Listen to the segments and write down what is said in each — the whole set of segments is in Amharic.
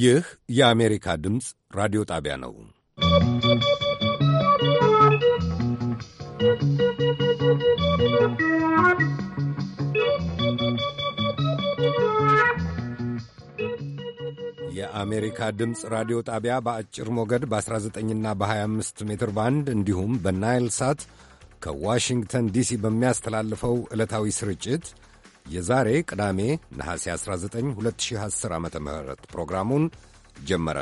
ይህ የአሜሪካ ድምፅ ራዲዮ ጣቢያ ነው። የአሜሪካ ድምፅ ራዲዮ ጣቢያ በአጭር ሞገድ በ19ና በ25 ሜትር ባንድ እንዲሁም በናይል ሳት ከዋሽንግተን ዲሲ በሚያስተላልፈው ዕለታዊ ስርጭት የዛሬ ቅዳሜ ነሐሴ 19 2010 ዓ ም ፕሮግራሙን ጀመረ።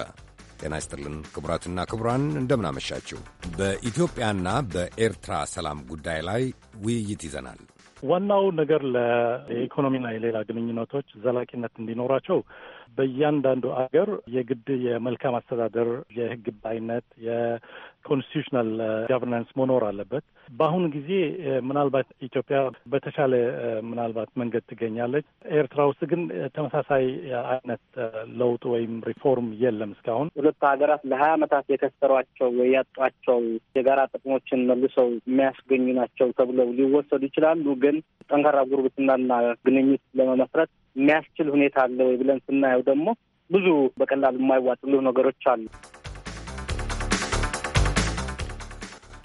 ጤና ይስጥልን ክቡራትና ክቡራን፣ እንደምናመሻችሁ። በኢትዮጵያና በኤርትራ ሰላም ጉዳይ ላይ ውይይት ይዘናል። ዋናው ነገር ለኢኮኖሚና የሌላ ግንኙነቶች ዘላቂነት እንዲኖራቸው በእያንዳንዱ አገር የግድ የመልካም አስተዳደር፣ የሕግ ባይነት፣ ኮንስቲቱሽናል ጋቨርናንስ uh, መኖር አለበት። በአሁኑ ጊዜ uh, ምናልባት ኢትዮጵያ በተሻለ uh, ምናልባት መንገድ ትገኛለች። ኤርትራ ውስጥ ግን ተመሳሳይ አይነት ለውጥ ወይም ሪፎርም የለም። እስካሁን ሁለቱ ሀገራት ለሀያ አመታት የከሰሯቸው ያጧቸው የጋራ ጥቅሞችን መልሰው የሚያስገኙ ናቸው ተብለው ሊወሰዱ ይችላሉ። ግን ጠንካራ ጉርብትናና ግንኙት ለመመስረት የሚያስችል ሁኔታ አለ ወይ ብለን ስናየው ደግሞ ብዙ በቀላሉ የማይዋጥሉ ነገሮች አሉ።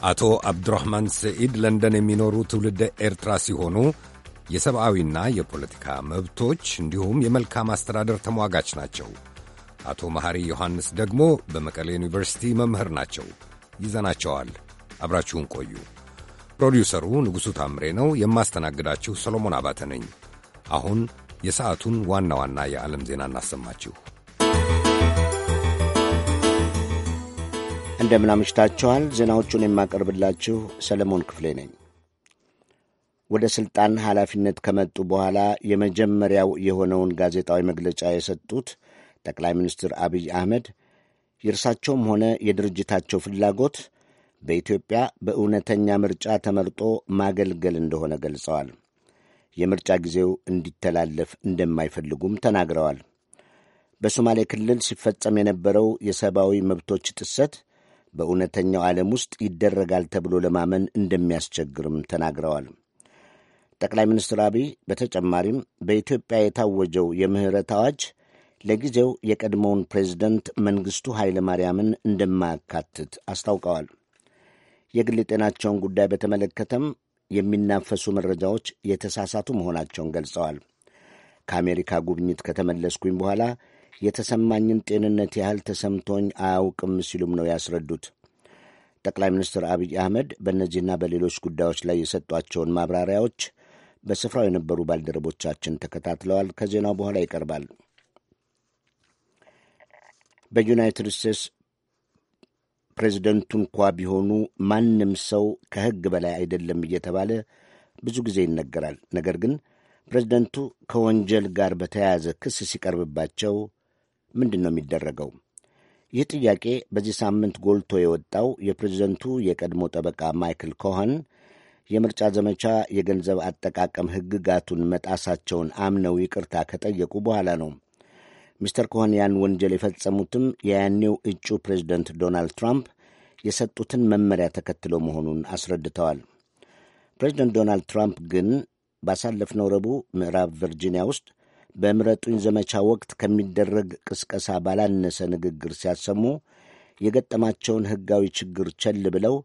አቶ አብዱራህማን ሰዒድ ለንደን የሚኖሩ ትውልደ ኤርትራ ሲሆኑ የሰብአዊና የፖለቲካ መብቶች እንዲሁም የመልካም አስተዳደር ተሟጋች ናቸው። አቶ መሐሪ ዮሐንስ ደግሞ በመቀሌ ዩኒቨርሲቲ መምህር ናቸው። ይዘናቸዋል። አብራችሁን ቆዩ። ፕሮዲውሰሩ ንጉሡ ታምሬ ነው። የማስተናግዳችሁ ሰሎሞን አባተ ነኝ። አሁን የሰዓቱን ዋና ዋና የዓለም ዜና እናሰማችሁ። እንደምን አምሽታችኋል። ዜናዎቹን የማቀርብላችሁ ሰለሞን ክፍሌ ነኝ። ወደ ሥልጣን ኃላፊነት ከመጡ በኋላ የመጀመሪያው የሆነውን ጋዜጣዊ መግለጫ የሰጡት ጠቅላይ ሚኒስትር አብይ አህመድ የእርሳቸውም ሆነ የድርጅታቸው ፍላጎት በኢትዮጵያ በእውነተኛ ምርጫ ተመርጦ ማገልገል እንደሆነ ገልጸዋል። የምርጫ ጊዜው እንዲተላለፍ እንደማይፈልጉም ተናግረዋል። በሶማሌ ክልል ሲፈጸም የነበረው የሰብአዊ መብቶች ጥሰት በእውነተኛው ዓለም ውስጥ ይደረጋል ተብሎ ለማመን እንደሚያስቸግርም ተናግረዋል። ጠቅላይ ሚኒስትር አብይ በተጨማሪም በኢትዮጵያ የታወጀው የምህረት አዋጅ ለጊዜው የቀድሞውን ፕሬዚደንት መንግሥቱ ኃይለ ማርያምን እንደማያካትት አስታውቀዋል። የግል ጤናቸውን ጉዳይ በተመለከተም የሚናፈሱ መረጃዎች የተሳሳቱ መሆናቸውን ገልጸዋል። ከአሜሪካ ጉብኝት ከተመለስኩኝ በኋላ የተሰማኝን ጤንነት ያህል ተሰምቶኝ አያውቅም ሲሉም ነው ያስረዱት። ጠቅላይ ሚኒስትር አብይ አህመድ በእነዚህና በሌሎች ጉዳዮች ላይ የሰጧቸውን ማብራሪያዎች በስፍራው የነበሩ ባልደረቦቻችን ተከታትለዋል። ከዜናው በኋላ ይቀርባል። በዩናይትድ ስቴትስ ፕሬዚደንቱ እንኳ ቢሆኑ ማንም ሰው ከሕግ በላይ አይደለም እየተባለ ብዙ ጊዜ ይነገራል። ነገር ግን ፕሬዚደንቱ ከወንጀል ጋር በተያያዘ ክስ ሲቀርብባቸው ምንድን ነው የሚደረገው? ይህ ጥያቄ በዚህ ሳምንት ጎልቶ የወጣው የፕሬዝደንቱ የቀድሞ ጠበቃ ማይክል ኮኸን የምርጫ ዘመቻ የገንዘብ አጠቃቀም ሕግጋቱን መጣሳቸውን አምነው ይቅርታ ከጠየቁ በኋላ ነው። ሚስተር ኮሆን ያን ወንጀል የፈጸሙትም የያኔው እጩ ፕሬዝደንት ዶናልድ ትራምፕ የሰጡትን መመሪያ ተከትሎ መሆኑን አስረድተዋል። ፕሬዝደንት ዶናልድ ትራምፕ ግን ባሳለፍነው ረቡዕ ምዕራብ ቨርጂኒያ ውስጥ በምረጡኝ ዘመቻ ወቅት ከሚደረግ ቅስቀሳ ባላነሰ ንግግር ሲያሰሙ የገጠማቸውን ሕጋዊ ችግር ቸል ብለው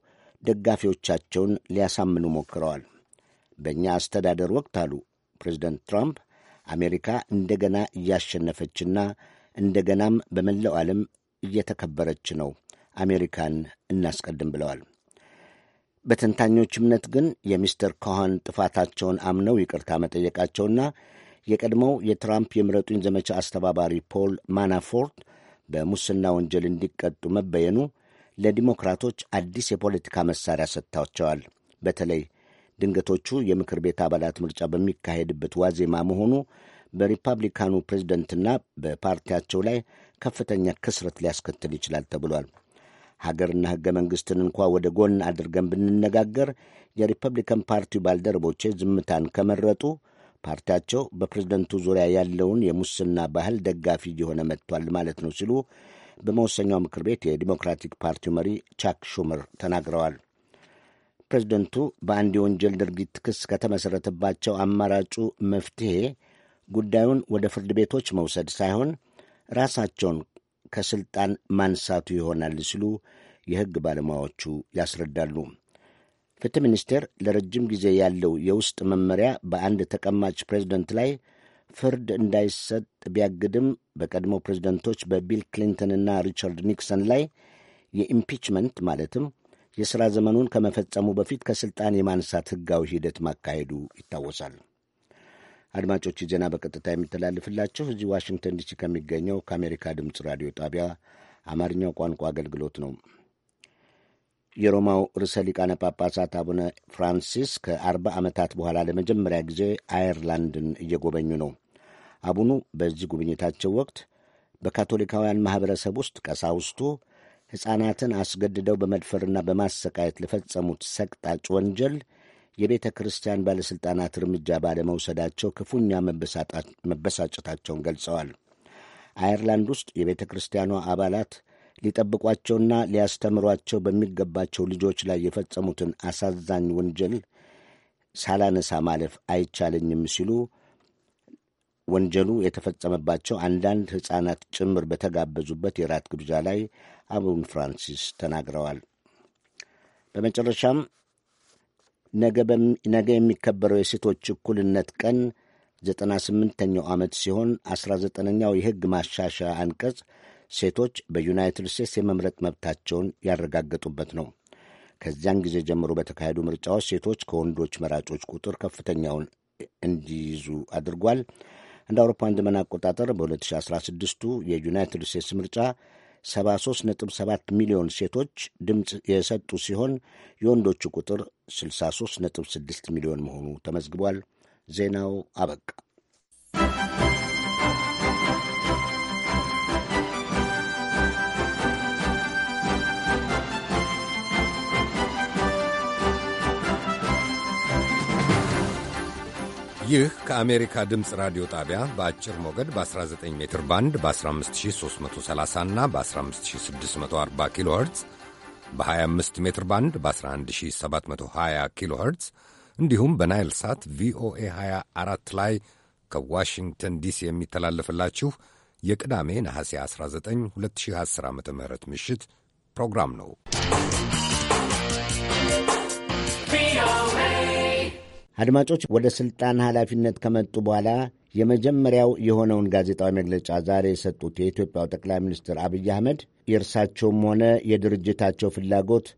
ደጋፊዎቻቸውን ሊያሳምኑ ሞክረዋል። በእኛ አስተዳደር ወቅት አሉ ፕሬዚደንት ትራምፕ አሜሪካ እንደገና እያሸነፈችና እንደገናም በመላው ዓለም እየተከበረች ነው፣ አሜሪካን እናስቀድም ብለዋል። በተንታኞች እምነት ግን የሚስተር ኮሆን ጥፋታቸውን አምነው ይቅርታ መጠየቃቸውና የቀድሞው የትራምፕ የምረጡኝ ዘመቻ አስተባባሪ ፖል ማናፎርት በሙስና ወንጀል እንዲቀጡ መበየኑ ለዲሞክራቶች አዲስ የፖለቲካ መሳሪያ ሰጥታቸዋል። በተለይ ድንገቶቹ የምክር ቤት አባላት ምርጫ በሚካሄድበት ዋዜማ መሆኑ በሪፐብሊካኑ ፕሬዝደንትና በፓርቲያቸው ላይ ከፍተኛ ክስረት ሊያስከትል ይችላል ተብሏል። ሀገርና ሕገ መንግሥትን እንኳ ወደ ጎን አድርገን ብንነጋገር የሪፐብሊካን ፓርቲው ባልደረቦቼ ዝምታን ከመረጡ ፓርቲያቸው በፕሬዝደንቱ ዙሪያ ያለውን የሙስና ባህል ደጋፊ እየሆነ መጥቷል ማለት ነው ሲሉ በመወሰኛው ምክር ቤት የዲሞክራቲክ ፓርቲው መሪ ቻክ ሹመር ተናግረዋል። ፕሬዝደንቱ በአንድ የወንጀል ድርጊት ክስ ከተመሠረተባቸው አማራጩ መፍትሔ ጉዳዩን ወደ ፍርድ ቤቶች መውሰድ ሳይሆን ራሳቸውን ከስልጣን ማንሳቱ ይሆናል ሲሉ የሕግ ባለሙያዎቹ ያስረዳሉ። ፍትህ ሚኒስቴር ለረጅም ጊዜ ያለው የውስጥ መመሪያ በአንድ ተቀማጭ ፕሬዝደንት ላይ ፍርድ እንዳይሰጥ ቢያግድም በቀድሞ ፕሬዝደንቶች በቢል ክሊንተንና ሪቻርድ ኒክሰን ላይ የኢምፒችመንት ማለትም የሥራ ዘመኑን ከመፈጸሙ በፊት ከሥልጣን የማንሳት ሕጋዊ ሂደት ማካሄዱ ይታወሳል። አድማጮች ዜና በቀጥታ የሚተላልፍላችሁ እዚህ ዋሽንግተን ዲሲ ከሚገኘው ከአሜሪካ ድምፅ ራዲዮ ጣቢያ አማርኛው ቋንቋ አገልግሎት ነው። የሮማው ርዕሰ ሊቃነ ጳጳሳት አቡነ ፍራንሲስ ከአርባ ዓመታት በኋላ ለመጀመሪያ ጊዜ አየርላንድን እየጎበኙ ነው። አቡኑ በዚህ ጉብኝታቸው ወቅት በካቶሊካውያን ማኅበረሰብ ውስጥ ቀሳውስቱ ሕፃናትን አስገድደው በመድፈርና በማሰቃየት ለፈጸሙት ሰቅጣጭ ወንጀል የቤተ ክርስቲያን ባለሥልጣናት እርምጃ ባለመውሰዳቸው ክፉኛ መበሳጨታቸውን ገልጸዋል። አየርላንድ ውስጥ የቤተ ክርስቲያኗ አባላት ሊጠብቋቸውና ሊያስተምሯቸው በሚገባቸው ልጆች ላይ የፈጸሙትን አሳዛኝ ወንጀል ሳላነሳ ማለፍ አይቻለኝም ሲሉ ወንጀሉ የተፈጸመባቸው አንዳንድ ሕፃናት ጭምር በተጋበዙበት የራት ግብዣ ላይ አቡን ፍራንሲስ ተናግረዋል። በመጨረሻም ነገ የሚከበረው የሴቶች እኩልነት ቀን ዘጠና ስምንተኛው ዓመት ሲሆን አስራ ዘጠነኛው የሕግ ማሻሻያ አንቀጽ ሴቶች በዩናይትድ ስቴትስ የመምረጥ መብታቸውን ያረጋገጡበት ነው። ከዚያን ጊዜ ጀምሮ በተካሄዱ ምርጫዎች ሴቶች ከወንዶች መራጮች ቁጥር ከፍተኛውን እንዲይዙ አድርጓል። እንደ አውሮፓውያን ዘመን አቆጣጠር በ2016ቱ የዩናይትድ ስቴትስ ምርጫ 73.7 ሚሊዮን ሴቶች ድምፅ የሰጡ ሲሆን የወንዶቹ ቁጥር 63.6 ሚሊዮን መሆኑ ተመዝግቧል። ዜናው አበቃ። ይህ ከአሜሪካ ድምፅ ራዲዮ ጣቢያ በአጭር ሞገድ በ19 ሜትር ባንድ በ15330 እና በ15640 ኪሎ ኸርትዝ በ25 ሜትር ባንድ በ11720 ኪሎ ኸርትዝ እንዲሁም በናይል ሳት ቪኦኤ 24 ላይ ከዋሽንግተን ዲሲ የሚተላለፍላችሁ የቅዳሜ ነሐሴ 19 2010 ዓ ም ምሽት ፕሮግራም ነው። አድማጮች ወደ ሥልጣን ኃላፊነት ከመጡ በኋላ የመጀመሪያው የሆነውን ጋዜጣዊ መግለጫ ዛሬ የሰጡት የኢትዮጵያው ጠቅላይ ሚኒስትር አብይ አህመድ የእርሳቸውም ሆነ የድርጅታቸው ፍላጎት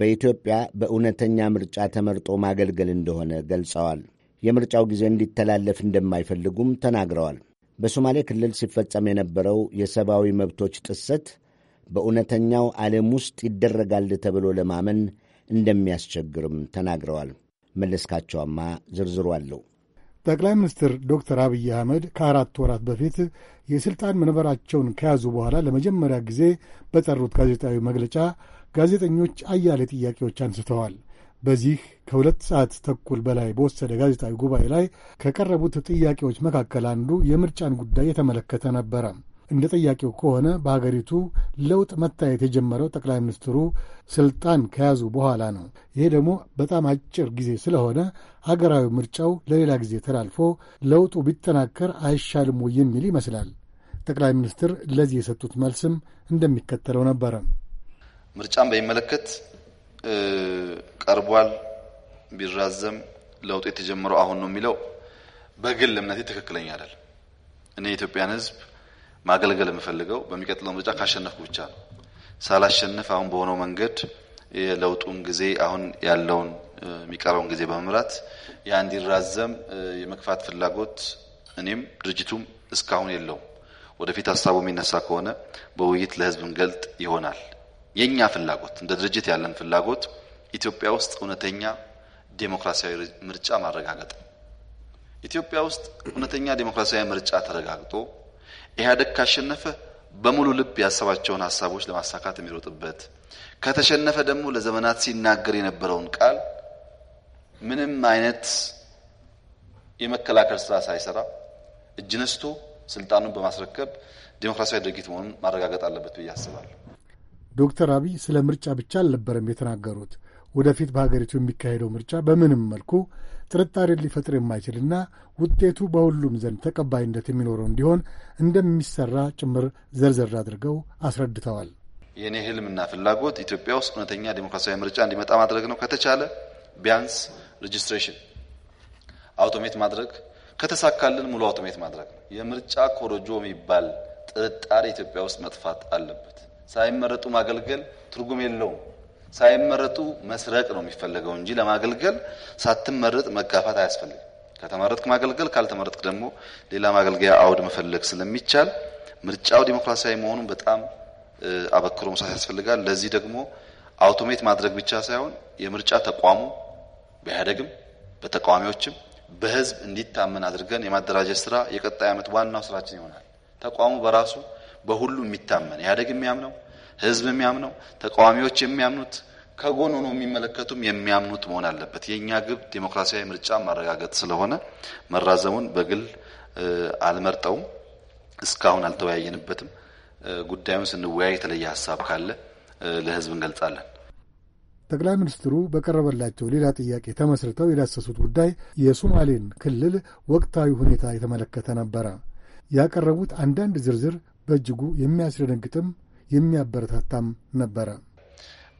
በኢትዮጵያ በእውነተኛ ምርጫ ተመርጦ ማገልገል እንደሆነ ገልጸዋል። የምርጫው ጊዜ እንዲተላለፍ እንደማይፈልጉም ተናግረዋል። በሶማሌ ክልል ሲፈጸም የነበረው የሰብአዊ መብቶች ጥሰት በእውነተኛው ዓለም ውስጥ ይደረጋል ተብሎ ለማመን እንደሚያስቸግርም ተናግረዋል። መለስካቸዋማ ዝርዝሩ አለው። ጠቅላይ ሚኒስትር ዶክተር አብይ አህመድ ከአራት ወራት በፊት የሥልጣን መንበራቸውን ከያዙ በኋላ ለመጀመሪያ ጊዜ በጠሩት ጋዜጣዊ መግለጫ ጋዜጠኞች አያሌ ጥያቄዎች አንስተዋል። በዚህ ከሁለት ሰዓት ተኩል በላይ በወሰደ ጋዜጣዊ ጉባኤ ላይ ከቀረቡት ጥያቄዎች መካከል አንዱ የምርጫን ጉዳይ የተመለከተ ነበረ። እንደ ጥያቄው ከሆነ በሀገሪቱ ለውጥ መታየት የጀመረው ጠቅላይ ሚኒስትሩ ስልጣን ከያዙ በኋላ ነው። ይሄ ደግሞ በጣም አጭር ጊዜ ስለሆነ ሀገራዊ ምርጫው ለሌላ ጊዜ ተላልፎ ለውጡ ቢጠናከር አይሻልም ወይ የሚል ይመስላል። ጠቅላይ ሚኒስትር ለዚህ የሰጡት መልስም እንደሚከተለው ነበረ። ምርጫን በሚመለከት ቀርቧል። ቢራዘም ለውጡ የተጀመረው አሁን ነው የሚለው በግል እምነቴ ትክክለኛ አይደል። እኔ የኢትዮጵያን ሕዝብ ማገልገል የምፈልገው በሚቀጥለው ምርጫ ካሸነፍኩ ብቻ ነው። ሳላሸንፍ አሁን በሆነው መንገድ የለውጡን ጊዜ አሁን ያለውን የሚቀረውን ጊዜ በመምራት ያ እንዲራዘም የመግፋት ፍላጎት እኔም ድርጅቱም እስካሁን የለውም። ወደፊት ሀሳቡ የሚነሳ ከሆነ በውይይት ለህዝብ እንገልጥ ይሆናል። የእኛ ፍላጎት እንደ ድርጅት ያለን ፍላጎት ኢትዮጵያ ውስጥ እውነተኛ ዴሞክራሲያዊ ምርጫ ማረጋገጥ። ኢትዮጵያ ውስጥ እውነተኛ ዴሞክራሲያዊ ምርጫ ተረጋግጦ ኢህአደግ ካሸነፈ በሙሉ ልብ ያሰባቸውን ሀሳቦች ለማሳካት የሚሮጥበት፣ ከተሸነፈ ደግሞ ለዘመናት ሲናገር የነበረውን ቃል ምንም አይነት የመከላከል ስራ ሳይሰራ እጅ ነስቶ ስልጣኑን በማስረከብ ዴሞክራሲያዊ ድርጊት መሆኑን ማረጋገጥ አለበት ብዬ አስባለሁ። ዶክተር አብይ ስለ ምርጫ ብቻ አልነበረም የተናገሩት ወደፊት በሀገሪቱ የሚካሄደው ምርጫ በምንም መልኩ ጥርጣሬን ሊፈጥር የማይችልና ውጤቱ በሁሉም ዘንድ ተቀባይነት የሚኖረው እንዲሆን እንደሚሰራ ጭምር ዘርዘር አድርገው አስረድተዋል። የእኔ ህልምና ፍላጎት ኢትዮጵያ ውስጥ እውነተኛ ዴሞክራሲያዊ ምርጫ እንዲመጣ ማድረግ ነው። ከተቻለ ቢያንስ ሬጅስትሬሽን አውቶሜት ማድረግ ከተሳካልን ሙሉ አውቶሜት ማድረግ ነው። የምርጫ ኮረጆ የሚባል ጥርጣሬ ኢትዮጵያ ውስጥ መጥፋት አለበት። ሳይመረጡ ማገልገል ትርጉም የለውም። ሳይመረጡ መስረቅ ነው የሚፈለገው እንጂ ለማገልገል ሳትመረጥ መጋፋት አያስፈልግም። ከተመረጥክ ማገልገል፣ ካልተመረጥክ ደግሞ ሌላ ማገልገያ አውድ መፈለግ ስለሚቻል ምርጫው ዲሞክራሲያዊ መሆኑን በጣም አበክሮ መስራት ያስፈልጋል። ለዚህ ደግሞ አውቶሜት ማድረግ ብቻ ሳይሆን የምርጫ ተቋሙ በኢህአዴግም በተቃዋሚዎችም በህዝብ እንዲታመን አድርገን የማደራጀት ስራ የቀጣይ ዓመት ዋናው ስራችን ይሆናል። ተቋሙ በራሱ በሁሉ የሚታመን ኢህአዴግ የሚያምነው ህዝብ የሚያምነው ተቃዋሚዎች የሚያምኑት ከጎን ሆኖ የሚመለከቱም የሚያምኑት መሆን አለበት። የእኛ ግብ ዴሞክራሲያዊ ምርጫ ማረጋገጥ ስለሆነ መራዘሙን በግል አልመርጠውም። እስካሁን አልተወያየንበትም። ጉዳዩን ስንወያይ የተለየ ሀሳብ ካለ ለህዝብ እንገልጻለን። ጠቅላይ ሚኒስትሩ በቀረበላቸው ሌላ ጥያቄ ተመስርተው የዳሰሱት ጉዳይ የሶማሌን ክልል ወቅታዊ ሁኔታ የተመለከተ ነበረ። ያቀረቡት አንዳንድ ዝርዝር በእጅጉ የሚያስደነግጥም የሚያበረታታም ነበረ።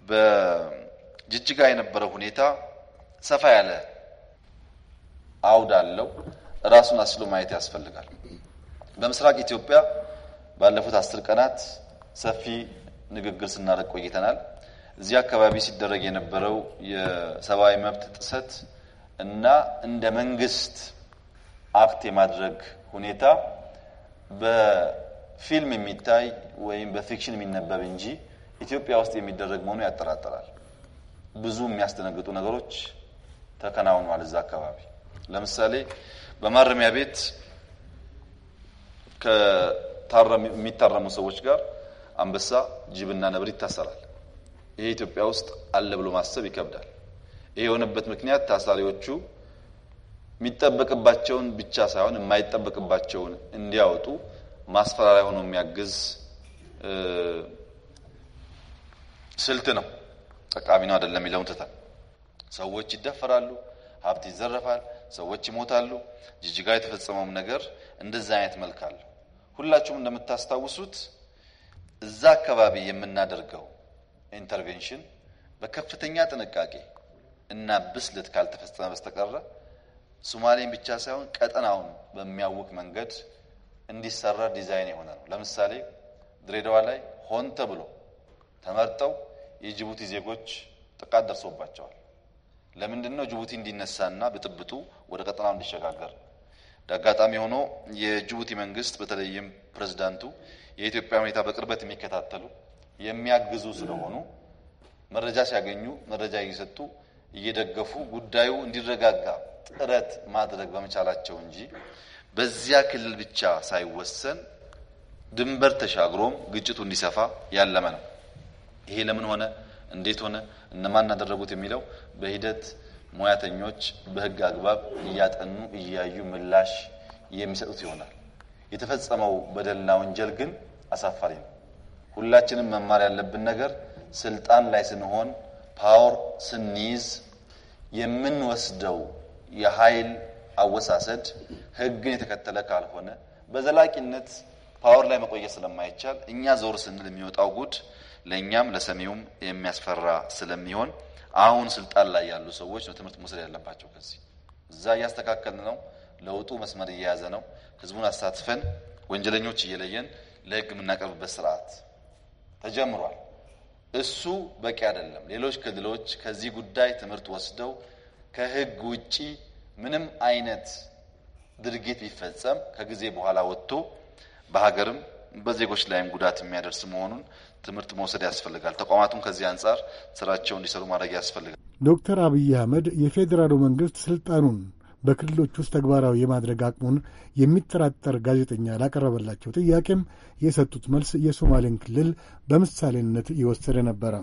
በጅጅጋ የነበረው ሁኔታ ሰፋ ያለ አውድ አለው። ራሱን አስሎ ማየት ያስፈልጋል። በምስራቅ ኢትዮጵያ ባለፉት አስር ቀናት ሰፊ ንግግር ስናደርግ ቆይተናል። እዚህ አካባቢ ሲደረግ የነበረው የሰብአዊ መብት ጥሰት እና እንደ መንግስት አክት የማድረግ ሁኔታ ፊልም የሚታይ ወይም በፊክሽን የሚነበብ እንጂ ኢትዮጵያ ውስጥ የሚደረግ መሆኑ ያጠራጠራል። ብዙ የሚያስደነግጡ ነገሮች ተከናውኗል። እዛ አካባቢ ለምሳሌ በማረሚያ ቤት የሚታረሙ ሰዎች ጋር አንበሳ፣ ጅብና ነብር ይታሰራል። ይሄ ኢትዮጵያ ውስጥ አለ ብሎ ማሰብ ይከብዳል። ይሄ የሆነበት ምክንያት ታሳሪዎቹ የሚጠበቅባቸውን ብቻ ሳይሆን የማይጠበቅባቸውን እንዲያወጡ ማስፈራሪያ ሆኖ የሚያግዝ ስልት ነው። ጠቃሚ ነው አይደለም የሚለውን ትተን ሰዎች ይደፈራሉ፣ ሀብት ይዘረፋል፣ ሰዎች ይሞታሉ። ጅጅጋ የተፈጸመውም ነገር እንደዛ አይነት መልክ አለው። ሁላችሁም እንደምታስታውሱት እዛ አካባቢ የምናደርገው ኢንተርቬንሽን በከፍተኛ ጥንቃቄ እና ብስለት ካልተፈጸመ በስተቀረ ሶማሌን ብቻ ሳይሆን ቀጠናውን በሚያውቅ መንገድ እንዲሰራ ዲዛይን የሆነ ነው። ለምሳሌ ድሬዳዋ ላይ ሆን ተብሎ ተመርጠው የጅቡቲ ዜጎች ጥቃት ደርሶባቸዋል። ለምንድን ነው ጅቡቲ እንዲነሳና ብጥብጡ ወደ ቀጠናው እንዲሸጋገር? አጋጣሚ ሆኖ የጅቡቲ መንግስት በተለይም ፕሬዝዳንቱ የኢትዮጵያ ሁኔታ በቅርበት የሚከታተሉ የሚያግዙ ስለሆኑ መረጃ ሲያገኙ መረጃ እየሰጡ እየደገፉ ጉዳዩ እንዲረጋጋ ጥረት ማድረግ በመቻላቸው እንጂ በዚያ ክልል ብቻ ሳይወሰን ድንበር ተሻግሮም ግጭቱ እንዲሰፋ ያለመ ነው። ይሄ ለምን ሆነ፣ እንዴት ሆነ፣ እነማን እናደረጉት የሚለው በሂደት ሙያተኞች በህግ አግባብ እያጠኑ እያዩ ምላሽ የሚሰጡት ይሆናል። የተፈጸመው በደልና ወንጀል ግን አሳፋሪ ነው። ሁላችንም መማር ያለብን ነገር ስልጣን ላይ ስንሆን፣ ፓወር ስንይዝ የምንወስደው የኃይል አወሳሰድ ህግን የተከተለ ካልሆነ በዘላቂነት ፓወር ላይ መቆየት ስለማይቻል እኛ ዞር ስንል የሚወጣው ጉድ ለእኛም ለሰሚውም የሚያስፈራ ስለሚሆን አሁን ስልጣን ላይ ያሉ ሰዎች ነው ትምህርት መውሰድ ያለባቸው። ከዚህ እዛ እያስተካከል ነው። ለውጡ መስመር እየያዘ ነው። ህዝቡን አሳትፈን ወንጀለኞች እየለየን ለህግ የምናቀርብበት ስርዓት ተጀምሯል። እሱ በቂ አይደለም። ሌሎች ክልሎች ከዚህ ጉዳይ ትምህርት ወስደው ከህግ ውጪ ምንም አይነት ድርጊት ቢፈጸም ከጊዜ በኋላ ወጥቶ በሀገርም በዜጎች ላይም ጉዳት የሚያደርስ መሆኑን ትምህርት መውሰድ ያስፈልጋል። ተቋማቱን ከዚህ አንጻር ስራቸው እንዲሰሩ ማድረግ ያስፈልጋል። ዶክተር አብይ አህመድ የፌዴራሉ መንግስት ስልጣኑን በክልሎች ውስጥ ተግባራዊ የማድረግ አቅሙን የሚጠራጠር ጋዜጠኛ ላቀረበላቸው ጥያቄም የሰጡት መልስ የሶማሌን ክልል በምሳሌነት የወሰደ ነበረ።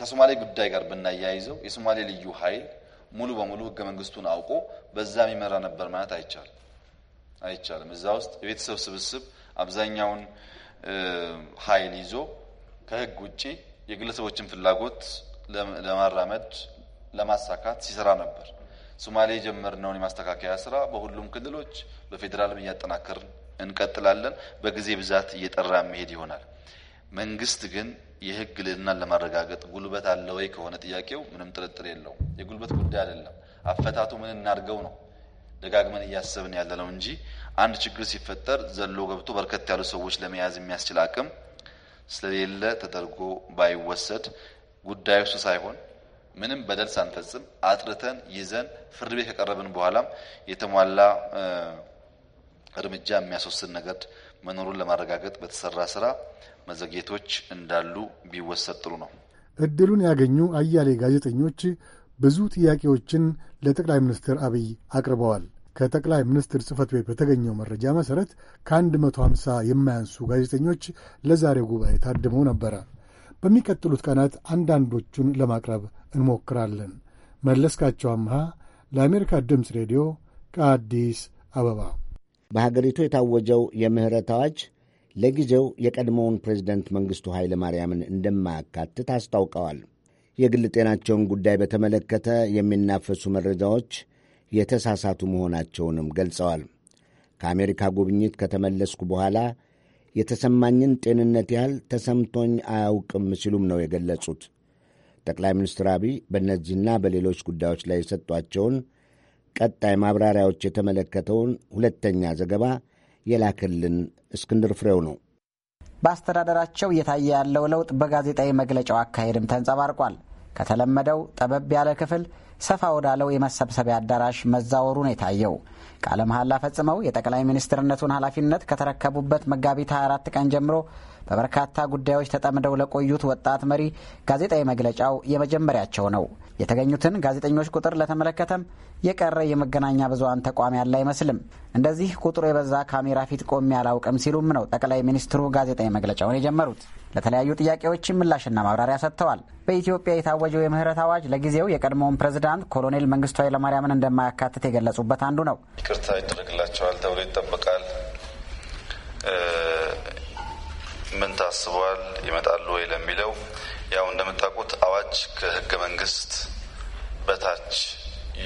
ከሶማሌ ጉዳይ ጋር ብናያይዘው የሶማሌ ልዩ ኃይል ሙሉ በሙሉ ህገ መንግስቱን አውቆ በዛ የሚመራ ነበር ማለት አይቻልም አይቻልም። እዛ ውስጥ የቤተሰብ ስብስብ አብዛኛውን ኃይል ይዞ ከህግ ውጪ የግለሰቦችን ፍላጎት ለማራመድ ለማሳካት ሲሰራ ነበር። ሶማሌ የጀመርነውን የማስተካከያ ስራ በሁሉም ክልሎች በፌዴራልም እያጠናከርን እንቀጥላለን። በጊዜ ብዛት እየጠራ መሄድ ይሆናል። መንግስት ግን የህግ ልዕልናን ለማረጋገጥ ጉልበት አለ ወይ ከሆነ ጥያቄው ምንም ጥርጥር የለው የጉልበት ጉዳይ አይደለም። አፈታቱ ምን እናድርገው ነው ደጋግመን እያሰብን ያለ ነው እንጂ አንድ ችግር ሲፈጠር ዘሎ ገብቶ በርከት ያሉ ሰዎች ለመያዝ የሚያስችል አቅም ስለሌለ ተደርጎ ባይወሰድ ጉዳዩ እሱ ሳይሆን ምንም በደል ሳንፈጽም አጥርተን ይዘን ፍርድ ቤት ከቀረብን በኋላም የተሟላ እርምጃ የሚያስወስድ ነገር መኖሩን ለማረጋገጥ በተሰራ ስራ መዘግየቶች እንዳሉ ቢወሰድ ጥሩ ነው። እድሉን ያገኙ አያሌ ጋዜጠኞች ብዙ ጥያቄዎችን ለጠቅላይ ሚኒስትር አብይ አቅርበዋል። ከጠቅላይ ሚኒስትር ጽህፈት ቤት በተገኘው መረጃ መሠረት ከ150 የማያንሱ ጋዜጠኞች ለዛሬው ጉባኤ ታድመው ነበረ። በሚቀጥሉት ቀናት አንዳንዶቹን ለማቅረብ እንሞክራለን። መለስካቸው አምሃ ለአሜሪካ ድምፅ ሬዲዮ ከአዲስ አበባ በሀገሪቱ የታወጀው የምህረት አዋጅ ለጊዜው የቀድሞውን ፕሬዚደንት መንግሥቱ ኃይለ ማርያምን እንደማያካትት አስታውቀዋል። የግል ጤናቸውን ጉዳይ በተመለከተ የሚናፈሱ መረጃዎች የተሳሳቱ መሆናቸውንም ገልጸዋል። ከአሜሪካ ጉብኝት ከተመለስኩ በኋላ የተሰማኝን ጤንነት ያህል ተሰምቶኝ አያውቅም ሲሉም ነው የገለጹት። ጠቅላይ ሚኒስትር አብይ በእነዚህና በሌሎች ጉዳዮች ላይ የሰጧቸውን ቀጣይ ማብራሪያዎች የተመለከተውን ሁለተኛ ዘገባ የላክልን እስክንድር ፍሬው ነው። በአስተዳደራቸው እየታየ ያለው ለውጥ በጋዜጣዊ መግለጫው አካሄድም ተንጸባርቋል። ከተለመደው ጠበብ ያለ ክፍል ሰፋ ወዳለው የመሰብሰቢያ አዳራሽ መዛወሩ ነው የታየው። ቃለ መሐላ ፈጽመው የጠቅላይ ሚኒስትርነቱን ኃላፊነት ከተረከቡበት መጋቢት 24 ቀን ጀምሮ በበርካታ ጉዳዮች ተጠምደው ለቆዩት ወጣት መሪ ጋዜጣዊ መግለጫው የመጀመሪያቸው ነው። የተገኙትን ጋዜጠኞች ቁጥር ለተመለከተም የቀረ የመገናኛ ብዙሃን ተቋም ያለ አይመስልም። እንደዚህ ቁጥሩ የበዛ ካሜራ ፊት ቆሜ አላውቅም ሲሉም ነው ጠቅላይ ሚኒስትሩ ጋዜጣዊ መግለጫውን የጀመሩት። ለተለያዩ ጥያቄዎችም ምላሽና ማብራሪያ ሰጥተዋል። በኢትዮጵያ የታወጀው የምህረት አዋጅ ለጊዜው የቀድሞውን ፕሬዝዳንት ኮሎኔል መንግስቱ ኃይለማርያምን እንደማያካትት የገለጹበት አንዱ ነው። ይቅርታ ይደረግላቸዋል ተብሎ ይጠበቃል ምን ታስበዋል ይመጣሉ ወይ ለሚለው ያው እንደምታውቁት አዋጅ ከህገ መንግስት በታች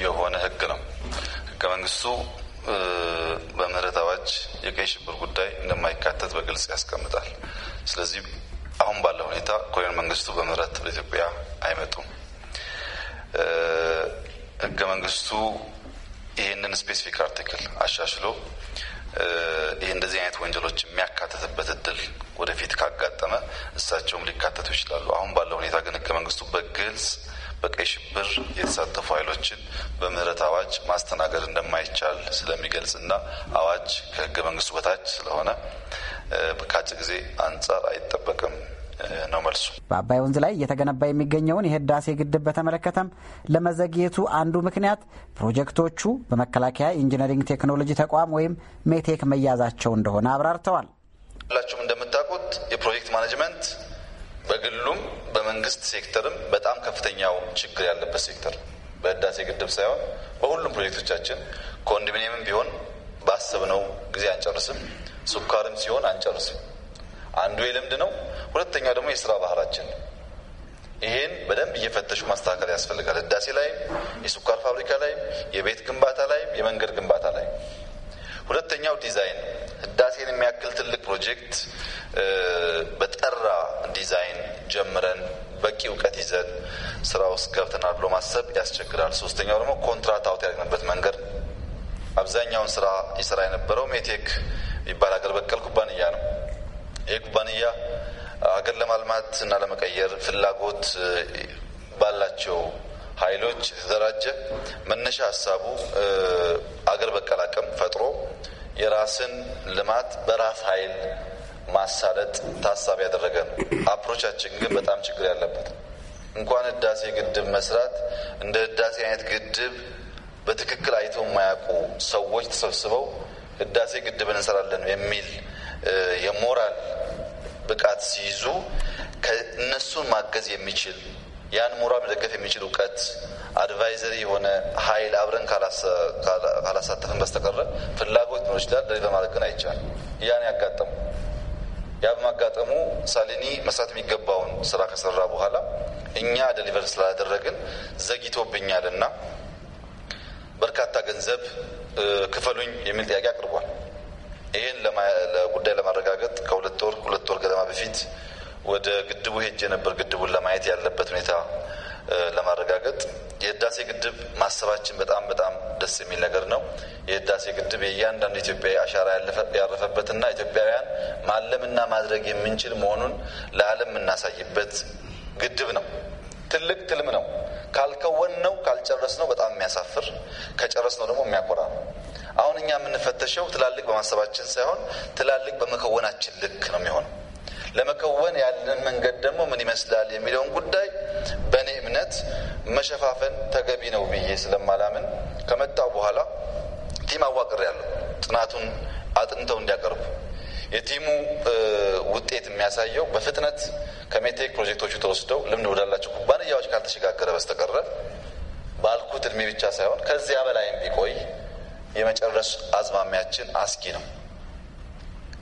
የሆነ ህግ ነው። ህገ መንግስቱ በምህረት አዋጅ የቀይ ሽብር ጉዳይ እንደማይካተት በግልጽ ያስቀምጣል። ስለዚህ አሁን ባለው ሁኔታ ኮሎኔል መንግስቱ በምህረት ወደ ኢትዮጵያ አይመጡም። ህገ መንግስቱ ይህንን ስፔሲፊክ አርቲክል አሻሽሎ ይህ እንደዚህ አይነት ወንጀሎች የሚያካትትበት እድል ወደፊት ካጋጠመ እሳቸውም ሊካተቱ ይችላሉ። አሁን ባለው ሁኔታ ግን ህገ መንግስቱ በግልጽ በቀይ ሽብር የተሳተፉ ኃይሎችን በምህረት አዋጅ ማስተናገድ እንደማይቻል ስለሚገልጽ እና አዋጅ ከህገ መንግስቱ በታች ስለሆነ ከአጭር ጊዜ አንጻር አይጠበቅም። ነው መልሱ። በአባይ ወንዝ ላይ እየተገነባ የሚገኘውን የህዳሴ ግድብ በተመለከተም ለመዘግየቱ አንዱ ምክንያት ፕሮጀክቶቹ በመከላከያ ኢንጂነሪንግ ቴክኖሎጂ ተቋም ወይም ሜቴክ መያዛቸው እንደሆነ አብራርተዋል። ሁላችሁም እንደምታውቁት የፕሮጀክት ማኔጅመንት በግሉም በመንግስት ሴክተርም በጣም ከፍተኛው ችግር ያለበት ሴክተር በህዳሴ ግድብ ሳይሆን በሁሉም ፕሮጀክቶቻችን ኮንዶሚኒየምም ቢሆን ባሰብነው ጊዜ አንጨርስም፣ ሱካርም ሲሆን አንጨርስም። አንዱ የልምድ ነው፣ ሁለተኛው ደግሞ የስራ ባህላችን ነው። ይሄን በደንብ እየፈተሹ ማስተካከል ያስፈልጋል። ህዳሴ ላይም፣ የስኳር ፋብሪካ ላይም፣ የቤት ግንባታ ላይም፣ የመንገድ ግንባታ ላይም። ሁለተኛው ዲዛይን ህዳሴን የሚያክል ትልቅ ፕሮጀክት በጠራ ዲዛይን ጀምረን በቂ እውቀት ይዘን ስራ ውስጥ ገብተናል ብሎ ማሰብ ያስቸግራል። ሶስተኛው ደግሞ ኮንትራት አውት ያደረግንበት መንገድ አብዛኛውን ስራ ይሰራ የነበረው ሜቴክ የሚባል ሀገር በቀል ኩባንያ ነው። ይህ ኩባንያ ሀገር ለማልማት እና ለመቀየር ፍላጎት ባላቸው ኃይሎች የተደራጀ መነሻ ሀሳቡ አገር በቀል አቅም ፈጥሮ የራስን ልማት በራስ ኃይል ማሳለጥ ታሳቢ ያደረገ ነው። አፕሮቻችን ግን በጣም ችግር ያለበት እንኳን ህዳሴ ግድብ መስራት እንደ ህዳሴ አይነት ግድብ በትክክል አይተው የማያውቁ ሰዎች ተሰብስበው ህዳሴ ግድብን እንሰራለን የሚል የሞራል ብቃት ሲይዙ እነሱን ማገዝ የሚችል ያን ምሁራን መደገፍ የሚችል እውቀት አድቫይዘሪ የሆነ ኃይል አብረን ካላሳተፍን በስተቀረ ፍላጎት ኖሮ ይችላል ለሌ በማድረግ ግን አይቻልም። ያን ያጋጠሙ ያ በማጋጠሙ ሳሊኒ መስራት የሚገባውን ስራ ከሰራ በኋላ እኛ ደሊቨር ስላላደረግን ዘግይቶብኛል በርካታ ገንዘብ ክፈሉኝ የሚል ጥያቄ አቅርቧል። ይህን ጉዳይ ለማረጋገጥ ከሁለት ወር ሁለት ወር ገደማ በፊት ወደ ግድቡ ሄጄ ነበር። ግድቡን ለማየት ያለበት ሁኔታ ለማረጋገጥ የህዳሴ ግድብ ማሰባችን በጣም በጣም ደስ የሚል ነገር ነው። የህዳሴ ግድብ የእያንዳንዱ ኢትዮጵያዊ አሻራ ያረፈበትና ኢትዮጵያውያን ማለምና ማድረግ የምንችል መሆኑን ለዓለም የምናሳይበት ግድብ ነው። ትልቅ ትልም ነው። ካልከወን ነው ካልጨረስ ነው በጣም የሚያሳፍር፣ ከጨረስ ነው ደግሞ የሚያኮራ ነው። አሁን እኛ የምንፈተሸው ትላልቅ በማሰባችን ሳይሆን ትላልቅ በመከወናችን ልክ ነው የሚሆነው። ለመከወን ያለን መንገድ ደግሞ ምን ይመስላል የሚለውን ጉዳይ በእኔ እምነት መሸፋፈን ተገቢ ነው ብዬ ስለማላምን ከመጣው በኋላ ቲም አዋቅር ያለው ጥናቱን አጥንተው እንዲያቀርቡ የቲሙ ውጤት የሚያሳየው በፍጥነት ከሜቴክ ፕሮጀክቶቹ ተወስደው ልምድ ወዳላቸው ኩባንያዎች ካልተሸጋገረ በስተቀረ ባልኩት እድሜ ብቻ ሳይሆን ከዚያ በላይም ቢቆይ የመጨረስ አዝማሚያችን አስጊ ነው።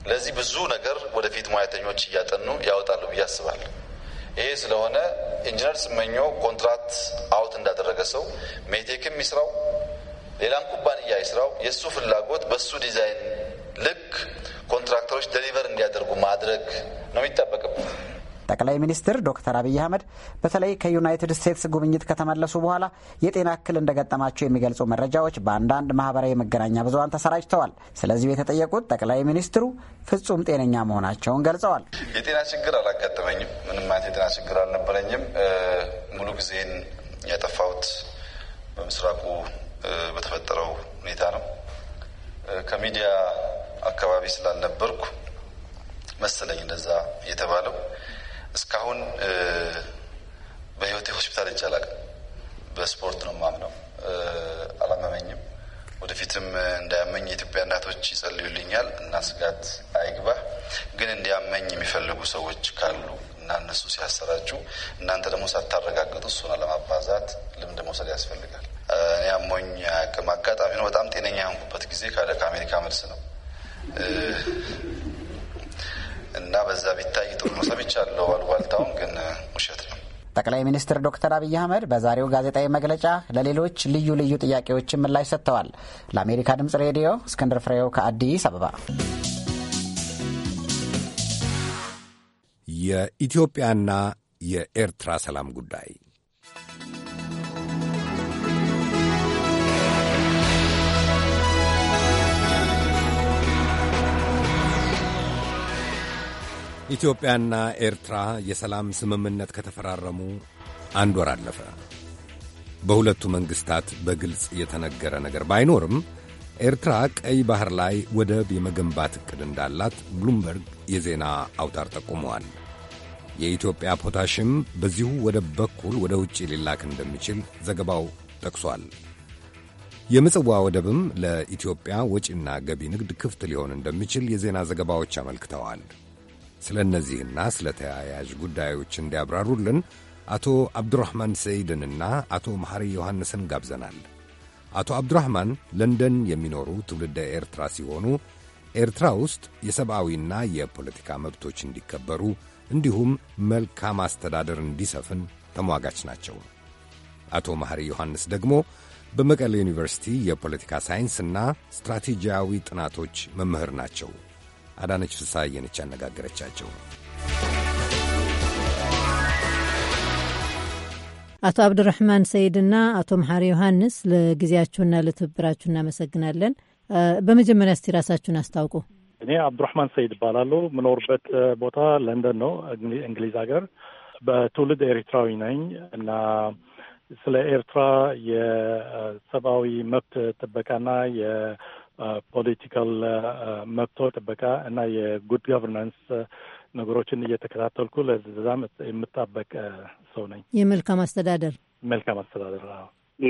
ለዚህ ብዙ ነገር ወደፊት ሙያተኞች እያጠኑ ያወጣሉ ብዬ አስባለሁ። ይሄ ስለሆነ ኢንጂነር ስመኞ ኮንትራክት አውት እንዳደረገ ሰው ሜቴክም ይስራው፣ ሌላም ኩባንያ ይስራው፣ የእሱ ፍላጎት በሱ ዲዛይን ልክ ኮንትራክተሮች ደሊቨር እንዲያደርጉ ማድረግ ነው የሚጠበቅበት። ጠቅላይ ሚኒስትር ዶክተር አብይ አህመድ በተለይ ከዩናይትድ ስቴትስ ጉብኝት ከተመለሱ በኋላ የጤና እክል እንደገጠማቸው የሚገልጹ መረጃዎች በአንዳንድ ማህበራዊ መገናኛ ብዙሀን ተሰራጭተዋል። ስለዚህ የተጠየቁት ጠቅላይ ሚኒስትሩ ፍጹም ጤነኛ መሆናቸውን ገልጸዋል። የጤና ችግር አላጋጠመኝም። ምንም አይነት የጤና ችግር አልነበረኝም። ሙሉ ጊዜን ያጠፋሁት በምስራቁ በተፈጠረው ሁኔታ ነው። ከሚዲያ አካባቢ ስላልነበርኩ መሰለኝ እንደዛ የተባለው እስካሁን በህይወቴ ሆስፒታል ሄጄ አላውቅም። በስፖርት ነው ማምነው። አላመመኝም። ወደፊትም እንዳያመኝ የኢትዮጵያ እናቶች ይጸልዩልኛል እና ስጋት አይግባ። ግን እንዲያመኝ የሚፈልጉ ሰዎች ካሉ እና እነሱ ሲያሰራጩ እናንተ ደግሞ ሳታረጋግጡ እሱን አለማባዛት ልምድ መውሰድ ያስፈልጋል። እኔ አሞኝ አቅም አጋጣሚ ነው። በጣም ጤነኛ ያንኩበት ጊዜ ከአሜሪካ መልስ ነው እና በዛ ቢታይ ጥሩ ነው። ሰምቻለሁ። አሉባልታውን ግን ውሸት ነው። ጠቅላይ ሚኒስትር ዶክተር አብይ አህመድ በዛሬው ጋዜጣዊ መግለጫ ለሌሎች ልዩ ልዩ ጥያቄዎችን ምላሽ ሰጥተዋል። ለአሜሪካ ድምጽ ሬዲዮ እስክንድር ፍሬው ከአዲስ አበባ። የኢትዮጵያና የኤርትራ ሰላም ጉዳይ ኢትዮጵያና ኤርትራ የሰላም ስምምነት ከተፈራረሙ አንድ ወር አለፈ። በሁለቱ መንግሥታት በግልጽ የተነገረ ነገር ባይኖርም ኤርትራ ቀይ ባህር ላይ ወደብ የመገንባት ዕቅድ እንዳላት ብሉምበርግ የዜና አውታር ጠቁመዋል። የኢትዮጵያ ፖታሽም በዚሁ ወደብ በኩል ወደ ውጭ ሊላክ እንደሚችል ዘገባው ጠቅሷል። የምጽዋ ወደብም ለኢትዮጵያ ወጪና ገቢ ንግድ ክፍት ሊሆን እንደሚችል የዜና ዘገባዎች አመልክተዋል። ስለ እነዚህና ስለ ተያያዥ ጉዳዮች እንዲያብራሩልን አቶ አብዱራህማን ሰይድንና አቶ መሐሪ ዮሐንስን ጋብዘናል። አቶ አብዱራህማን ለንደን የሚኖሩ ትውልደ ኤርትራ ሲሆኑ ኤርትራ ውስጥ የሰብአዊና የፖለቲካ መብቶች እንዲከበሩ እንዲሁም መልካም አስተዳደር እንዲሰፍን ተሟጋች ናቸው። አቶ መሐሪ ዮሐንስ ደግሞ በመቀሌ ዩኒቨርሲቲ የፖለቲካ ሳይንስና ስትራቴጂያዊ ጥናቶች መምህር ናቸው። አዳነች ፍስሐ የነች ያነጋገረቻቸው። አቶ አብዱራህማን ሰይድና አቶ መሐሪ ዮሐንስ ለጊዜያችሁና ለትብብራችሁ እናመሰግናለን። በመጀመሪያ እስቲ ራሳችሁን አስታውቁ። እኔ አብዱራህማን ሰይድ እባላለሁ። የምኖርበት ቦታ ለንደን ነው፣ እንግሊዝ ሀገር። በትውልድ ኤርትራዊ ነኝ እና ስለ ኤርትራ የሰብአዊ መብት ጥበቃና ፖለቲካል መብቶ ጥበቃ እና የጉድ ጋቨርናንስ ነገሮችን እየተከታተልኩ ለዛም የምጣበቅ ሰው ነኝ። የመልካም አስተዳደር መልካም አስተዳደር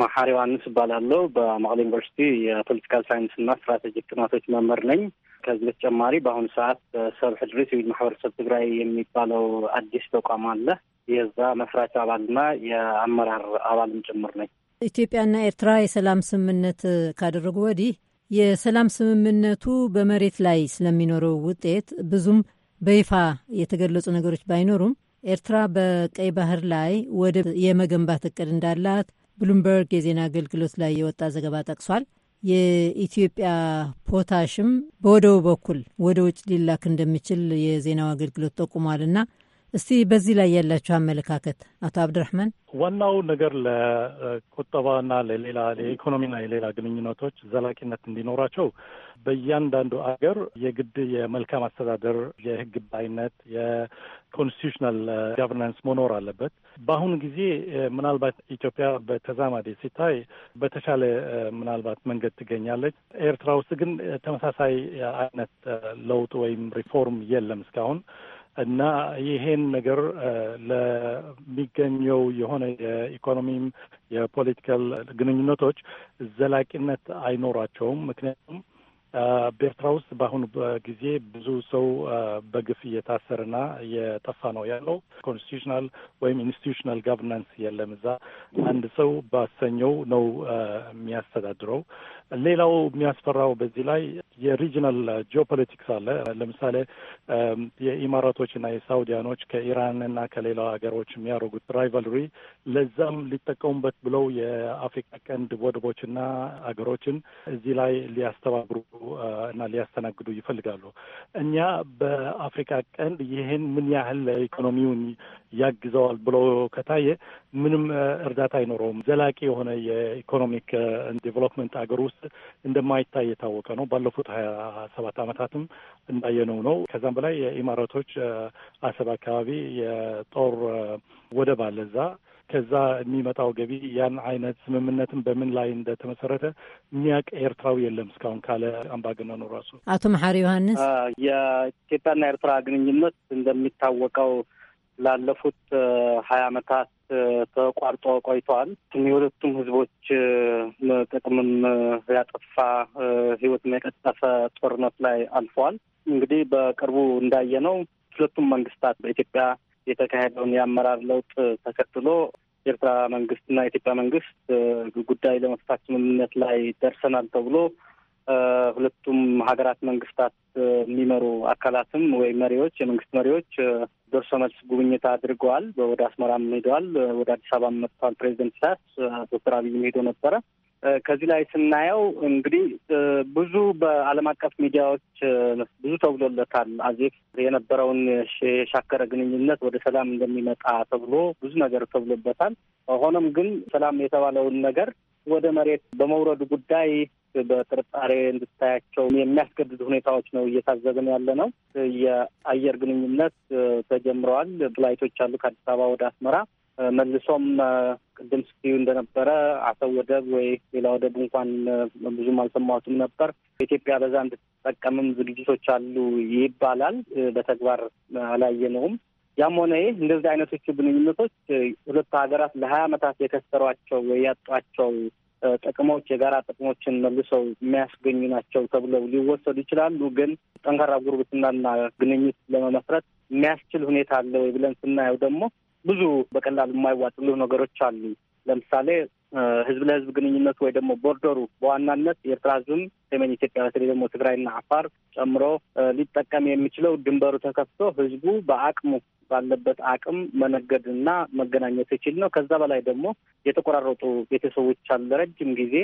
መሐሪ ዮሐንስ እባላለሁ። በመቀሌ ዩኒቨርሲቲ የፖለቲካል ሳይንስ እና ስትራቴጂክ ጥናቶች መምህር ነኝ። ከዚህ በተጨማሪ በአሁኑ ሰዓት በሰብሒ ድሪ ሲቪል ማህበረሰብ ትግራይ የሚባለው አዲስ ተቋም አለ። የዛ መስራች አባልና የአመራር አባልም ጭምር ነኝ። ኢትዮጵያና ኤርትራ የሰላም ስምምነት ካደረጉ ወዲህ የሰላም ስምምነቱ በመሬት ላይ ስለሚኖረው ውጤት ብዙም በይፋ የተገለጹ ነገሮች ባይኖሩም ኤርትራ በቀይ ባህር ላይ ወደብ የመገንባት እቅድ እንዳላት ብሉምበርግ የዜና አገልግሎት ላይ የወጣ ዘገባ ጠቅሷል። የኢትዮጵያ ፖታሽም በወደቡ በኩል ወደ ውጭ ሊላክ እንደሚችል የዜናው አገልግሎት ጠቁሟልና እስቲ በዚህ ላይ ያላችሁ አመለካከት አቶ አብድራህማን። ዋናው ነገር ለቁጠባና ለሌላ ለኢኮኖሚና የሌላ ግንኙነቶች ዘላቂነት እንዲኖራቸው በእያንዳንዱ አገር የግድ የመልካም አስተዳደር የህግ ባይነት የኮንስቲቱሽናል ጋቨርናንስ መኖር አለበት። በአሁኑ ጊዜ ምናልባት ኢትዮጵያ በተዛማዴ ሲታይ በተሻለ ምናልባት መንገድ ትገኛለች። ኤርትራ ውስጥ ግን ተመሳሳይ አይነት ለውጥ ወይም ሪፎርም የለም እስካሁን እና ይሄን ነገር ለሚገኘው የሆነ የኢኮኖሚም የፖለቲካል ግንኙነቶች ዘላቂነት አይኖራቸውም። ምክንያቱም በኤርትራ ውስጥ በአሁኑ ጊዜ ብዙ ሰው በግፍ እየታሰረና እየጠፋ ነው ያለው። ኮንስቲቱሽናል ወይም ኢንስቲቱሽናል ጋቨርናንስ የለም። እዛ አንድ ሰው ባሰኘው ነው የሚያስተዳድረው። ሌላው የሚያስፈራው በዚህ ላይ የሪጅናል ጂኦፖለቲክስ አለ። ለምሳሌ የኢማራቶችና የሳውዲያኖች ከኢራንና ከሌላ ሀገሮች የሚያደርጉት ራይቫልሪ ለዛም ሊጠቀሙበት ብለው የአፍሪካ ቀንድ ወደቦችና ሀገሮችን እዚህ ላይ ሊያስተባብሩ ሊያስተናግዱና ሊያስተናግዱ ይፈልጋሉ። እኛ በአፍሪካ ቀንድ ይህን ምን ያህል ኢኮኖሚውን ያግዘዋል ብሎ ከታየ ምንም እርዳታ አይኖረውም። ዘላቂ የሆነ የኢኮኖሚክ ዴቨሎፕመንት አገር ውስጥ እንደማይታይ የታወቀ ነው። ባለፉት ሀያ ሰባት ዓመታትም እንዳየነው ነው። ከዛም በላይ የኢማራቶች አሰብ አካባቢ የጦር ወደብ አለ እዛ ከዛ የሚመጣው ገቢ ያን አይነት ስምምነትን በምን ላይ እንደተመሰረተ የሚያውቅ ኤርትራዊ የለም እስካሁን ካለ አምባገነኑ ራሱ። አቶ መሐሪ ዮሐንስ፣ የኢትዮጵያና ኤርትራ ግንኙነት እንደሚታወቀው ላለፉት ሀያ ዓመታት ተቋርጦ ቆይተዋል። የሁለቱም ህዝቦች ጥቅምም ያጠፋ ህይወት የቀጠፈ ጦርነት ላይ አልፈዋል። እንግዲህ በቅርቡ እንዳየነው ሁለቱም መንግስታት በኢትዮጵያ የተካሄደውን የአመራር ለውጥ ተከትሎ የኤርትራ መንግስትና የኢትዮጵያ መንግስት ጉዳይ ለመፍታት ስምምነት ላይ ደርሰናል ተብሎ ሁለቱም ሀገራት መንግስታት የሚመሩ አካላትም ወይ መሪዎች የመንግስት መሪዎች ደርሶ መልስ ጉብኝት አድርገዋል። ወደ አስመራም ሄደዋል። ወደ አዲስ አበባ መጥተዋል። ፕሬዚደንት ኢሳያስ ዶክተር አብይም ሄዶ ነበረ። ከዚህ ላይ ስናየው እንግዲህ ብዙ በዓለም አቀፍ ሚዲያዎች ብዙ ተብሎለታል። አዜፍ የነበረውን የሻከረ ግንኙነት ወደ ሰላም እንደሚመጣ ተብሎ ብዙ ነገር ተብሎበታል። ሆኖም ግን ሰላም የተባለውን ነገር ወደ መሬት በመውረዱ ጉዳይ በጥርጣሬ እንድታያቸው የሚያስገድድ ሁኔታዎች ነው እየታዘብን ያለ ነው። የአየር ግንኙነት ተጀምረዋል። ፍላይቶች አሉ ከአዲስ አበባ ወደ አስመራ መልሶም ቅድም ስትዩ እንደነበረ አሰብ ወደብ ወይ ሌላ ወደብ እንኳን ብዙም አልሰማሁትም ነበር። ኢትዮጵያ በዛ እንድትጠቀምም ዝግጅቶች አሉ ይባላል። በተግባር አላየነውም። ያም ሆነ ይህ እንደዚህ አይነቶቹ ግንኙነቶች ሁለቱ ሀገራት ለሀያ ዓመታት የከሰሯቸው ወይ ያጧቸው ጥቅሞች የጋራ ጥቅሞችን መልሰው የሚያስገኙ ናቸው ተብለው ሊወሰዱ ይችላሉ። ግን ጠንካራ ጉርብትናና ግንኙት ለመመስረት የሚያስችል ሁኔታ አለ ወይ ብለን ስናየው ደግሞ ብዙ በቀላሉ የማይዋጥሉ ነገሮች አሉ። ለምሳሌ ህዝብ ለህዝብ ግንኙነቱ ወይ ደግሞ ቦርደሩ በዋናነት የኤርትራ ህዝብም ሰሜን ኢትዮጵያ በተለይ ደግሞ ትግራይና አፋር ጨምሮ ሊጠቀም የሚችለው ድንበሩ ተከፍቶ ህዝቡ በአቅሙ ባለበት አቅም መነገድ እና መገናኘት ይችል ነው። ከዛ በላይ ደግሞ የተቆራረጡ ቤተሰቦች አለ ረጅም ጊዜ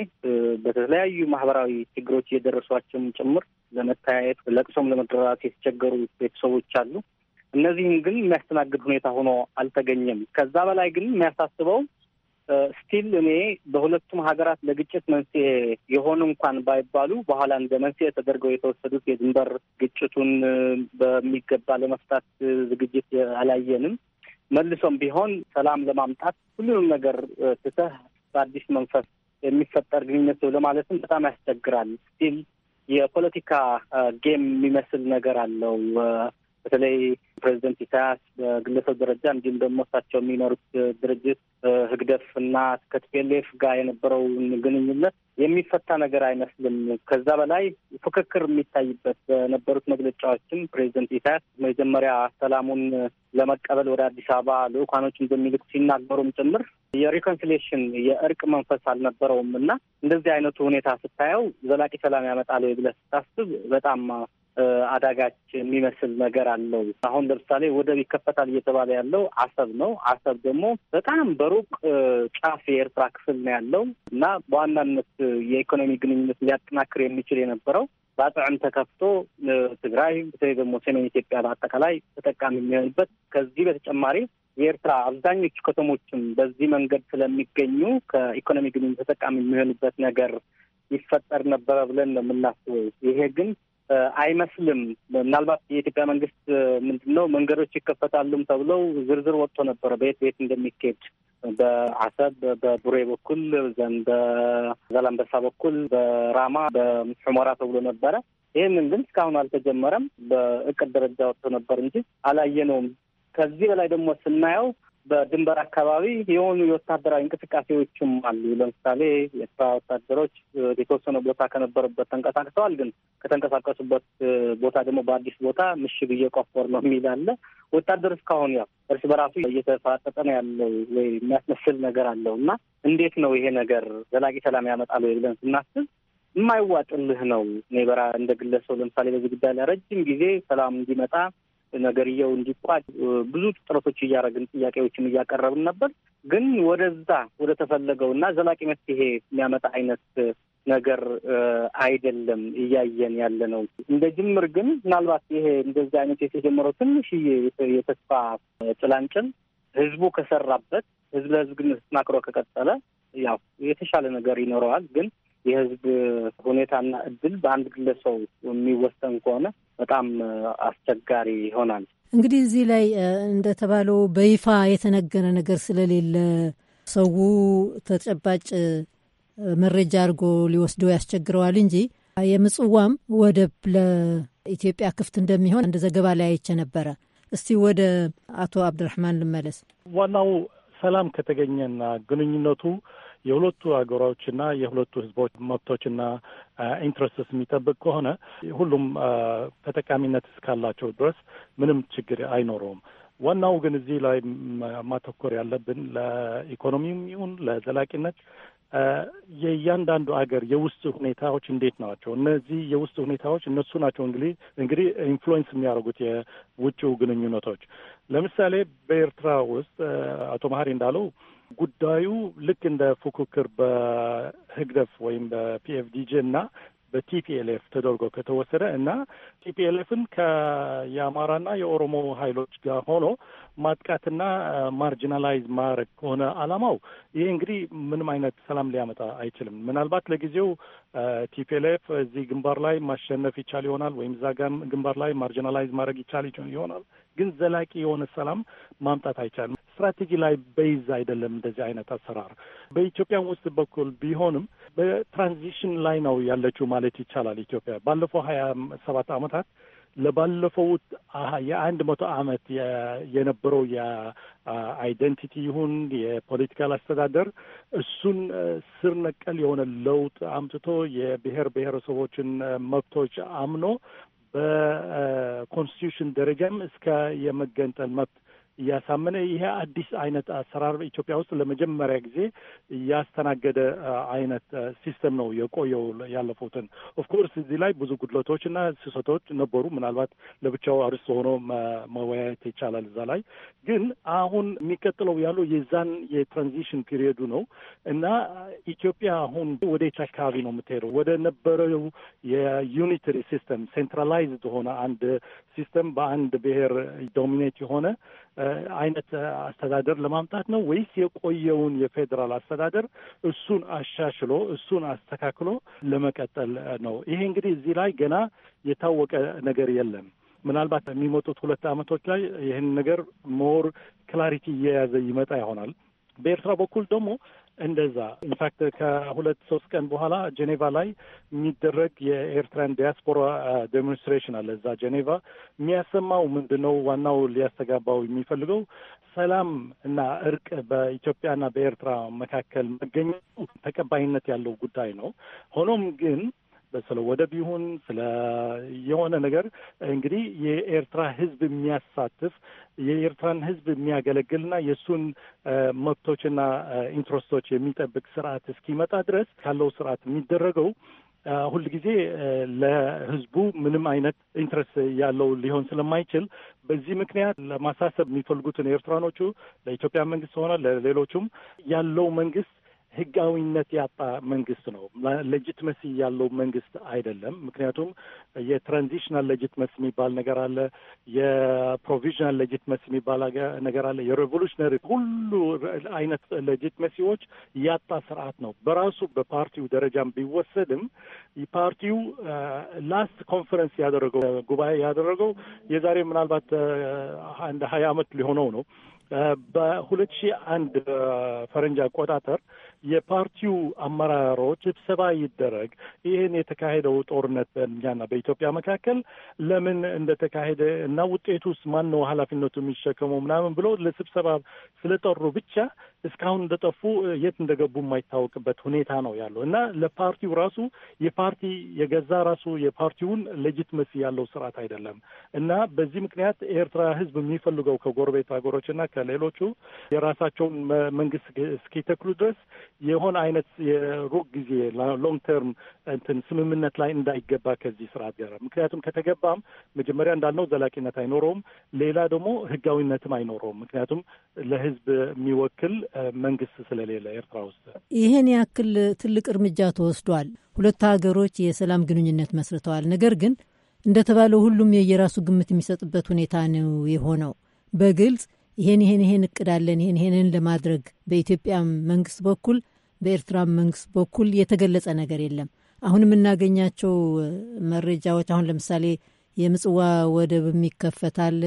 በተለያዩ ማህበራዊ ችግሮች እየደረሷቸውም ጭምር ለመተያየት ለቅሶም ለመደራራት የተቸገሩ ቤተሰቦች አሉ። እነዚህም ግን የሚያስተናግድ ሁኔታ ሆኖ አልተገኘም። ከዛ በላይ ግን የሚያሳስበው ስቲል እኔ በሁለቱም ሀገራት ለግጭት መንስኤ የሆኑ እንኳን ባይባሉ በኋላ እንደ መንስኤ ተደርገው የተወሰዱት የድንበር ግጭቱን በሚገባ ለመፍታት ዝግጅት አላየንም። መልሶም ቢሆን ሰላም ለማምጣት ሁሉንም ነገር ትተህ በአዲስ መንፈስ የሚፈጠር ግንኙነት ነው ለማለትም በጣም ያስቸግራል። ስቲል የፖለቲካ ጌም የሚመስል ነገር አለው። በተለይ ፕሬዚደንት ኢሳያስ በግለሰብ ደረጃ እንዲሁም ደግሞ እሳቸው የሚኖሩት ድርጅት ህግደፍ እና ከቲፒኤልኤፍ ጋር የነበረውን ግንኙነት የሚፈታ ነገር አይመስልም። ከዛ በላይ ፍክክር የሚታይበት በነበሩት መግለጫዎችም ፕሬዚደንት ኢሳያስ መጀመሪያ ሰላሙን ለመቀበል ወደ አዲስ አበባ ልዑካኖች እንደሚልኩ ሲናገሩም ጭምር የሪኮንሲሌሽን የእርቅ መንፈስ አልነበረውም እና እንደዚህ አይነቱ ሁኔታ ስታየው ዘላቂ ሰላም ያመጣል ብለህ ስታስብ በጣም አዳጋች የሚመስል ነገር አለው። አሁን ለምሳሌ ወደብ ይከፈታል እየተባለ ያለው አሰብ ነው። አሰብ ደግሞ በጣም በሩቅ ጫፍ የኤርትራ ክፍል ነው ያለው እና በዋናነት የኢኮኖሚ ግንኙነት ሊያጠናክር የሚችል የነበረው በአጽዕም ተከፍቶ ትግራይ በተለይ ደግሞ ሰሜን ኢትዮጵያ በአጠቃላይ ተጠቃሚ የሚሆንበት ከዚህ በተጨማሪ የኤርትራ አብዛኞቹ ከተሞችም በዚህ መንገድ ስለሚገኙ ከኢኮኖሚ ግንኙነት ተጠቃሚ የሚሆንበት ነገር ይፈጠር ነበረ ብለን ነው የምናስበው። ይሄ ግን አይመስልም። ምናልባት የኢትዮጵያ መንግስት ምንድን ነው መንገዶች ይከፈታሉም ተብለው ዝርዝር ወጥቶ ነበረ በየት በየት እንደሚካሄድ በአሰብ በቡሬ በኩል ዘን በዛላምበሳ በኩል በራማ በሑመራ ተብሎ ነበረ። ይህንን ግን እስካሁን አልተጀመረም። በእቅድ ደረጃ ወጥቶ ነበር እንጂ አላየነውም። ከዚህ በላይ ደግሞ ስናየው በድንበር አካባቢ የሆኑ የወታደራዊ እንቅስቃሴዎችም አሉ። ለምሳሌ የኤርትራ ወታደሮች የተወሰነ ቦታ ከነበሩበት ተንቀሳቅሰዋል። ግን ከተንቀሳቀሱበት ቦታ ደግሞ በአዲስ ቦታ ምሽግ እየቆፈር ነው የሚል አለ። ወታደር እስካሁን ያው እርስ በራሱ እየተፋጠጠ ነው ያለው ወይ የሚያስመስል ነገር አለው እና እንዴት ነው ይሄ ነገር ዘላቂ ሰላም ያመጣል ወይ ብለን ስናስብ የማይዋጥልህ ነው። እኔ በራ እንደ ለምሳሌ በዚህ ጉዳይ ላይ ረጅም ጊዜ ሰላም እንዲመጣ ነገርየው እንዲቋጭ ብዙ ጥረቶች እያደረግን ጥያቄዎችን እያቀረብን ነበር። ግን ወደዛ ወደ ተፈለገው እና ዘላቂ መፍትሄ የሚያመጣ አይነት ነገር አይደለም እያየን ያለ ነው። እንደ ጅምር ግን ምናልባት ይሄ እንደዚህ አይነት የተጀመረው ትንሽ የተስፋ ጭላንጭል ህዝቡ ከሰራበት፣ ህዝብ ለህዝብ ግን ተጠናክሮ ከቀጠለ ያው የተሻለ ነገር ይኖረዋል ግን የህዝብ ሁኔታና እድል በአንድ ግለሰው የሚወሰን ከሆነ በጣም አስቸጋሪ ይሆናል። እንግዲህ እዚህ ላይ እንደተባለው በይፋ የተነገረ ነገር ስለሌለ ሰው ተጨባጭ መረጃ አድርጎ ሊወስደው ያስቸግረዋል እንጂ የምጽዋም ወደብ ለኢትዮጵያ ክፍት እንደሚሆን እንደ ዘገባ ላይ አይቼ ነበረ። እስቲ ወደ አቶ አብድራህማን ልመለስ። ዋናው ሰላም ከተገኘና ግንኙነቱ የሁለቱ ሀገሮችና የሁለቱ ህዝቦች መብቶችና ኢንትረስትስ የሚጠብቅ ከሆነ ሁሉም ተጠቃሚነት እስካላቸው ድረስ ምንም ችግር አይኖረውም። ዋናው ግን እዚህ ላይ ማተኮር ያለብን ለኢኮኖሚም ይሁን ለዘላቂነት የእያንዳንዱ አገር የውስጥ ሁኔታዎች እንዴት ናቸው? እነዚህ የውስጥ ሁኔታዎች እነሱ ናቸው እንግዲህ እንግዲህ ኢንፍሉዌንስ የሚያደርጉት የውጭው ግንኙነቶች። ለምሳሌ በኤርትራ ውስጥ አቶ መሀሪ እንዳለው ጉዳዩ ልክ እንደ ፉክክር በህግደፍ ወይም በፒኤፍዲጂ እና በቲፒኤልኤፍ ተደርጎ ከተወሰደ እና ቲፒኤልኤፍን ከየአማራና የኦሮሞ ሀይሎች ጋር ሆኖ ማጥቃትና ማርጂናላይዝ ማድረግ ከሆነ አላማው ይሄ እንግዲህ ምንም አይነት ሰላም ሊያመጣ አይችልም። ምናልባት ለጊዜው ቲፒኤልኤፍ እዚህ ግንባር ላይ ማሸነፍ ይቻል ይሆናል ወይም እዛ ጋር ግንባር ላይ ማርጂናላይዝ ማድረግ ይቻል ይሆናል፣ ግን ዘላቂ የሆነ ሰላም ማምጣት አይቻልም። ስትራቴጂ ላይ በይዝ አይደለም እንደዚህ አይነት አሰራር በኢትዮጵያ ውስጥ በኩል ቢሆንም በትራንዚሽን ላይ ነው ያለችው ማለት ይቻላል። ኢትዮጵያ ባለፈው ሀያ ሰባት አመታት ለባለፈው የአንድ መቶ አመት የነበረው የአይደንቲቲ ይሁን የፖለቲካል አስተዳደር እሱን ስር ነቀል የሆነ ለውጥ አምጥቶ የብሔር ብሔረሰቦችን መብቶች አምኖ በኮንስቲቱሽን ደረጃም እስከ የመገንጠል መብት እያሳመነ ይሄ አዲስ አይነት አሰራር በኢትዮጵያ ውስጥ ለመጀመሪያ ጊዜ ያስተናገደ አይነት ሲስተም ነው የቆየው ያለፉትን። ኦፍኮርስ እዚህ ላይ ብዙ ጉድለቶች እና ስህተቶች ነበሩ። ምናልባት ለብቻው አርስ ሆኖ መወያየት ይቻላል። እዛ ላይ ግን አሁን የሚቀጥለው ያለው የዛን የትራንዚሽን ፒሪዮዱ ነው እና ኢትዮጵያ አሁን ወዴት አካባቢ ነው የምትሄደው? ወደ ነበረው የዩኒተሪ ሲስተም ሴንትራላይዝድ ሆነ አንድ ሲስተም በአንድ ብሔር ዶሚኔት የሆነ አይነት አስተዳደር ለማምጣት ነው ወይስ የቆየውን የፌዴራል አስተዳደር እሱን አሻሽሎ እሱን አስተካክሎ ለመቀጠል ነው? ይሄ እንግዲህ እዚህ ላይ ገና የታወቀ ነገር የለም። ምናልባት የሚመጡት ሁለት ዓመቶች ላይ ይህን ነገር ሞር ክላሪቲ እየያዘ ይመጣ ይሆናል። በኤርትራ በኩል ደግሞ እንደዛ ኢንፋክት ከሁለት ሶስት ቀን በኋላ ጄኔቫ ላይ የሚደረግ የኤርትራን ዲያስፖራ ዴሞንስትሬሽን uh, አለ። እዛ ጄኔቫ የሚያሰማው ምንድን ነው? ዋናው ሊያስተጋባው የሚፈልገው ሰላም እና እርቅ በኢትዮጵያና በኤርትራ መካከል መገኘቱ ተቀባይነት ያለው ጉዳይ ነው። ሆኖም ግን ስለ ወደብ ይሁን ስለ የሆነ ነገር እንግዲህ የኤርትራ ሕዝብ የሚያሳትፍ የኤርትራን ህዝብ የሚያገለግልና የእሱን መብቶችና ኢንትረስቶች የሚጠብቅ ስርዓት እስኪመጣ ድረስ ካለው ስርዓት የሚደረገው ሁል ጊዜ ለህዝቡ ምንም አይነት ኢንትረስት ያለው ሊሆን ስለማይችል በዚህ ምክንያት ለማሳሰብ የሚፈልጉትን ኤርትራኖቹ ለኢትዮጵያ መንግስት ሆነ ለሌሎቹም ያለው መንግስት ህጋዊነት ያጣ መንግስት ነው። ሌጂትመሲ ያለው መንግስት አይደለም። ምክንያቱም የትራንዚሽናል ሌጂትመሲ የሚባል ነገር አለ፣ የፕሮቪዥናል ሌጂትመሲ የሚባል ነገር አለ፣ የሬቮሉሽነሪ ሁሉ አይነት ሌጂትመሲዎች ያጣ ስርዓት ነው። በራሱ በፓርቲው ደረጃም ቢወሰድም ፓርቲው ላስት ኮንፈረንስ ያደረገው ጉባኤ ያደረገው የዛሬ ምናልባት አንድ ሀያ አመት ሊሆነው ነው በሁለት ሺህ አንድ ፈረንጅ አቆጣጠር የፓርቲው አመራሮች ስብሰባ ይደረግ። ይህን የተካሄደው ጦርነት በእኛና በኢትዮጵያ መካከል ለምን እንደተካሄደ እና ውጤቱስ ማን ነው ኃላፊነቱ የሚሸከመው ምናምን ብሎ ለስብሰባ ስለጠሩ ብቻ እስካሁን እንደጠፉ የት እንደገቡ የማይታወቅበት ሁኔታ ነው ያለው እና ለፓርቲው ራሱ የፓርቲ የገዛ ራሱ የፓርቲውን ሌጂትመሲ ያለው ስርዓት አይደለም እና በዚህ ምክንያት ኤርትራ ሕዝብ የሚፈልገው ከጎረቤት ሀገሮች ከሌሎቹ የራሳቸውን መንግስት እስኪተክሉ ድረስ የሆነ አይነት የሩቅ ጊዜ ሎንግ ተርም እንትን ስምምነት ላይ እንዳይገባ ከዚህ ስርዓት ጋር ምክንያቱም ከተገባም መጀመሪያ እንዳልነው ዘላቂነት አይኖረውም። ሌላ ደግሞ ህጋዊነትም አይኖረውም። ምክንያቱም ለህዝብ የሚወክል መንግስት ስለሌለ ኤርትራ ውስጥ ይህን ያክል ትልቅ እርምጃ ተወስዷል። ሁለቱ ሀገሮች የሰላም ግንኙነት መስርተዋል። ነገር ግን እንደተባለው ሁሉም የየራሱ ግምት የሚሰጥበት ሁኔታ ነው የሆነው በግልጽ ይሄን ይሄን ይሄን እቅዳለን ይሄን ይሄንን ለማድረግ በኢትዮጵያ መንግስት በኩል በኤርትራ መንግስት በኩል የተገለጸ ነገር የለም። አሁን የምናገኛቸው መረጃዎች አሁን ለምሳሌ የምጽዋ ወደብም ይከፈታል፣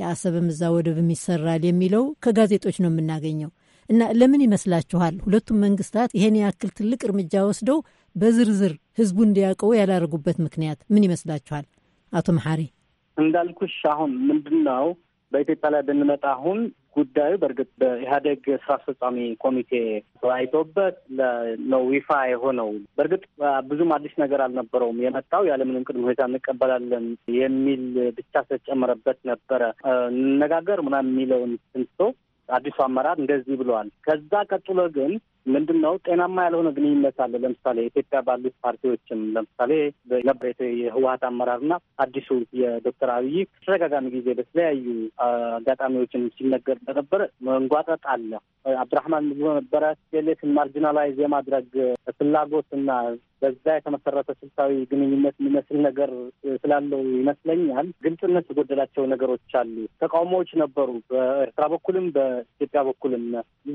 የአሰብም እዛ ወደብም ይሰራል የሚለው ከጋዜጦች ነው የምናገኘው። እና ለምን ይመስላችኋል ሁለቱም መንግስታት ይሄን ያክል ትልቅ እርምጃ ወስደው በዝርዝር ህዝቡ እንዲያውቀው ያላደረጉበት ምክንያት ምን ይመስላችኋል? አቶ መሐሪ እንዳልኩሽ አሁን ነው በኢትዮጵያ ላይ ብንመጣ አሁን ጉዳዩ በእርግጥ በኢህአዴግ ስራ አስፈጻሚ ኮሚቴ ተወያይቶበት ነው ይፋ የሆነው። በእርግጥ ብዙም አዲስ ነገር አልነበረውም። የመጣው ያለምንም ቅድመ ሁኔታ እንቀበላለን የሚል ብቻ ተጨመረበት ነበረ እንነጋገር ምናምን የሚለውን ስንቶ አዲሱ አመራር እንደዚህ ብለዋል። ከዛ ቀጥሎ ግን ምንድን ነው ጤናማ ያልሆነ ግንኙነት አለ። ለምሳሌ ኢትዮጵያ ባሉት ፓርቲዎችም ለምሳሌ በነበረው የህወሀት አመራርና አዲሱ የዶክተር አብይ ተደጋጋሚ ጊዜ በተለያዩ አጋጣሚዎችን ሲነገር እንደነበረ መንጓጠጥ አለ። አብዱራህማን ነበረ ሌሌትን ማርጂናላይዝ የማድረግ ፍላጎት እና በዛ የተመሰረተ ስልታዊ ግንኙነት የሚመስል ነገር ስላለው ይመስለኛል። ግልጽነት የጎደላቸው ነገሮች አሉ። ተቃውሞዎች ነበሩ፣ በኤርትራ በኩልም በኢትዮጵያ በኩልም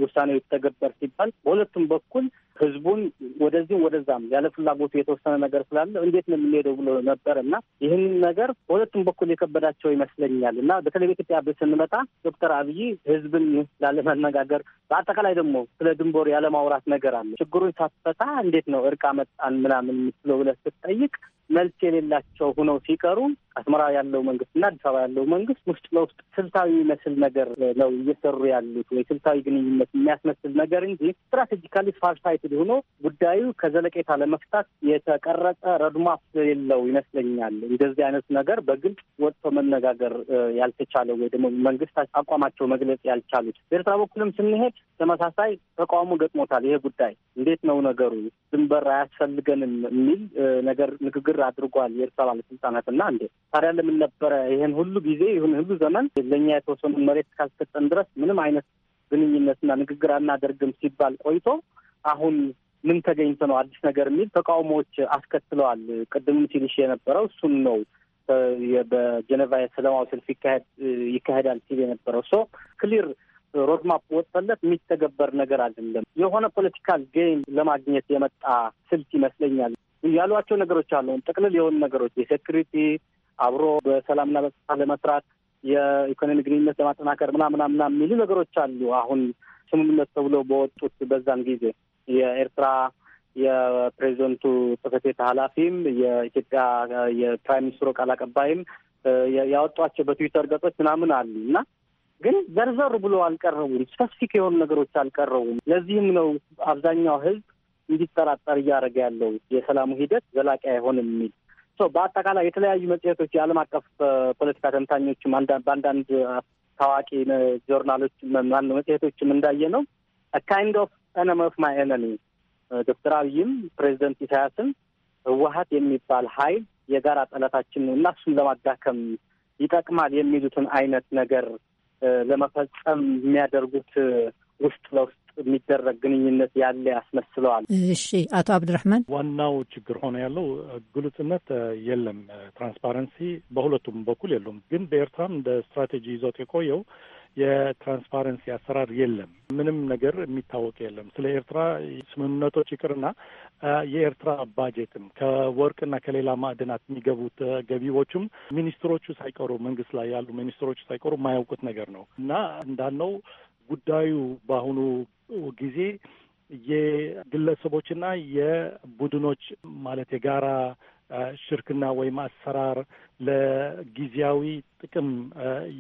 ውሳኔው ይተገበር ሲባል በሁለቱም በኩል ህዝቡን ወደዚህም ወደዛም ያለ ፍላጎቱ የተወሰነ ነገር ስላለ እንዴት ነው የምንሄደው ብሎ ነበር እና ይህን ነገር በሁለቱም በኩል የከበዳቸው ይመስለኛል እና በተለይ በኢትዮጵያ ስንመጣ ዶክተር አብይ ህዝብን ላለመነጋገር በአጠቃላይ ደግሞ ስለ ድንበሩ ያለማውራት ነገር አለ። ችግሩን ሳትፈታ እንዴት ነው እርቅ መጣ። ምናምን የምትለው ብለህ ስትጠይቅ መልስ የሌላቸው ሆነው ሲቀሩ አስመራ ያለው መንግስት እና አዲስ አበባ ያለው መንግስት ውስጥ ለውስጥ ስልታዊ መስል ነገር ነው እየሰሩ ያሉት ወይ ስልታዊ ግንኙነት የሚያስመስል ነገር እንጂ ስትራቴጂካሊ ፋርሳይትድ ሆኖ ጉዳዩ ከዘለቄታ ለመፍታት የተቀረጸ ረድማፍ ስለሌለው ይመስለኛል እንደዚህ አይነት ነገር በግልጽ ወጥቶ መነጋገር ያልተቻለው ወይ ደግሞ መንግስት አቋማቸው መግለጽ ያልቻሉት። በኤርትራ በኩልም ስንሄድ ተመሳሳይ ተቃውሞ ገጥሞታል። ይሄ ጉዳይ እንዴት ነው ነገሩ? ድንበር አያስፈልገንም የሚል ነገር ንግግር አድርጓል የኤርትራ ባለስልጣናት እና እንዴ ታዲያ ለምን ነበረ ይህን ሁሉ ጊዜ ይሁን ሁሉ ዘመን ለእኛ የተወሰኑ መሬት ካልሰጠን ድረስ ምንም አይነት ግንኙነትና ንግግር አናደርግም ሲባል ቆይቶ አሁን ምን ተገኝቶ ነው አዲስ ነገር የሚል ተቃውሞዎች አስከትለዋል። ቅድምም ሲልሽ የነበረው እሱን ነው። በጀኔቫ የሰላማዊ ሰልፍ ይካሄዳል ሲል የነበረው ሶ ክሊር ሮድማፕ ወጥተለት የሚተገበር ነገር አይደለም። የሆነ ፖለቲካል ጌም ለማግኘት የመጣ ስልት ይመስለኛል። ያሏቸው ነገሮች አሉ። ጠቅልል የሆኑ ነገሮች የሴኩሪቲ አብሮ በሰላምና በጸጥታ ለመስራት የኢኮኖሚ ግንኙነት ለማጠናከር ምናምና ምና የሚሉ ነገሮች አሉ። አሁን ስምምነት ተብሎ በወጡት በዛን ጊዜ የኤርትራ የፕሬዚደንቱ ጽሕፈት ቤት ኃላፊም የኢትዮጵያ የፕራይም ሚኒስትሩ ቃል አቀባይም ያወጧቸው በትዊተር ገጾች ምናምን አሉ እና ግን ዘርዘር ብሎ አልቀረቡም። ስፐሲፊክ የሆኑ ነገሮች አልቀረቡም። ለዚህም ነው አብዛኛው ህዝብ እንዲጠራጠር እያደረገ ያለው የሰላሙ ሂደት ዘላቂ አይሆንም የሚል በአጠቃላይ የተለያዩ መጽሔቶች የዓለም አቀፍ ፖለቲካ ተንታኞችም በአንዳንድ ታዋቂ ጆርናሎች መጽሔቶችም እንዳየ ነው ካይንድ ኦፍ ኤነም ኦፍ ማይ ኤነሚ ዶክተር አብይም ፕሬዚደንት ኢሳያስን ህወሀት የሚባል ሀይል የጋራ ጠላታችን ነው እና እሱን ለማዳከም ይጠቅማል የሚሉትን አይነት ነገር ለመፈጸም የሚያደርጉት ውስጥ ለውስጥ የሚደረግ ግንኙነት ያለ ያስመስለዋል። እሺ፣ አቶ አብድረህማን ዋናው ችግር ሆነ ያለው ግልጽነት የለም። ትራንስፓረንሲ በሁለቱም በኩል የለውም። ግን በኤርትራም እንደ ስትራቴጂ ይዞት የቆየው የትራንስፓረንሲ አሰራር የለም። ምንም ነገር የሚታወቅ የለም። ስለ ኤርትራ ስምምነቶች ይቅርና የኤርትራ ባጀትም ከወርቅና ከሌላ ማዕድናት የሚገቡት ገቢዎችም ሚኒስትሮቹ ሳይቀሩ መንግስት ላይ ያሉ ሚኒስትሮቹ ሳይቀሩ የማያውቁት ነገር ነው እና እንዳልነው ጉዳዩ በአሁኑ ጊዜ የግለሰቦችና የቡድኖች ማለት የጋራ ሽርክና ወይም አሰራር ለጊዜያዊ ጥቅም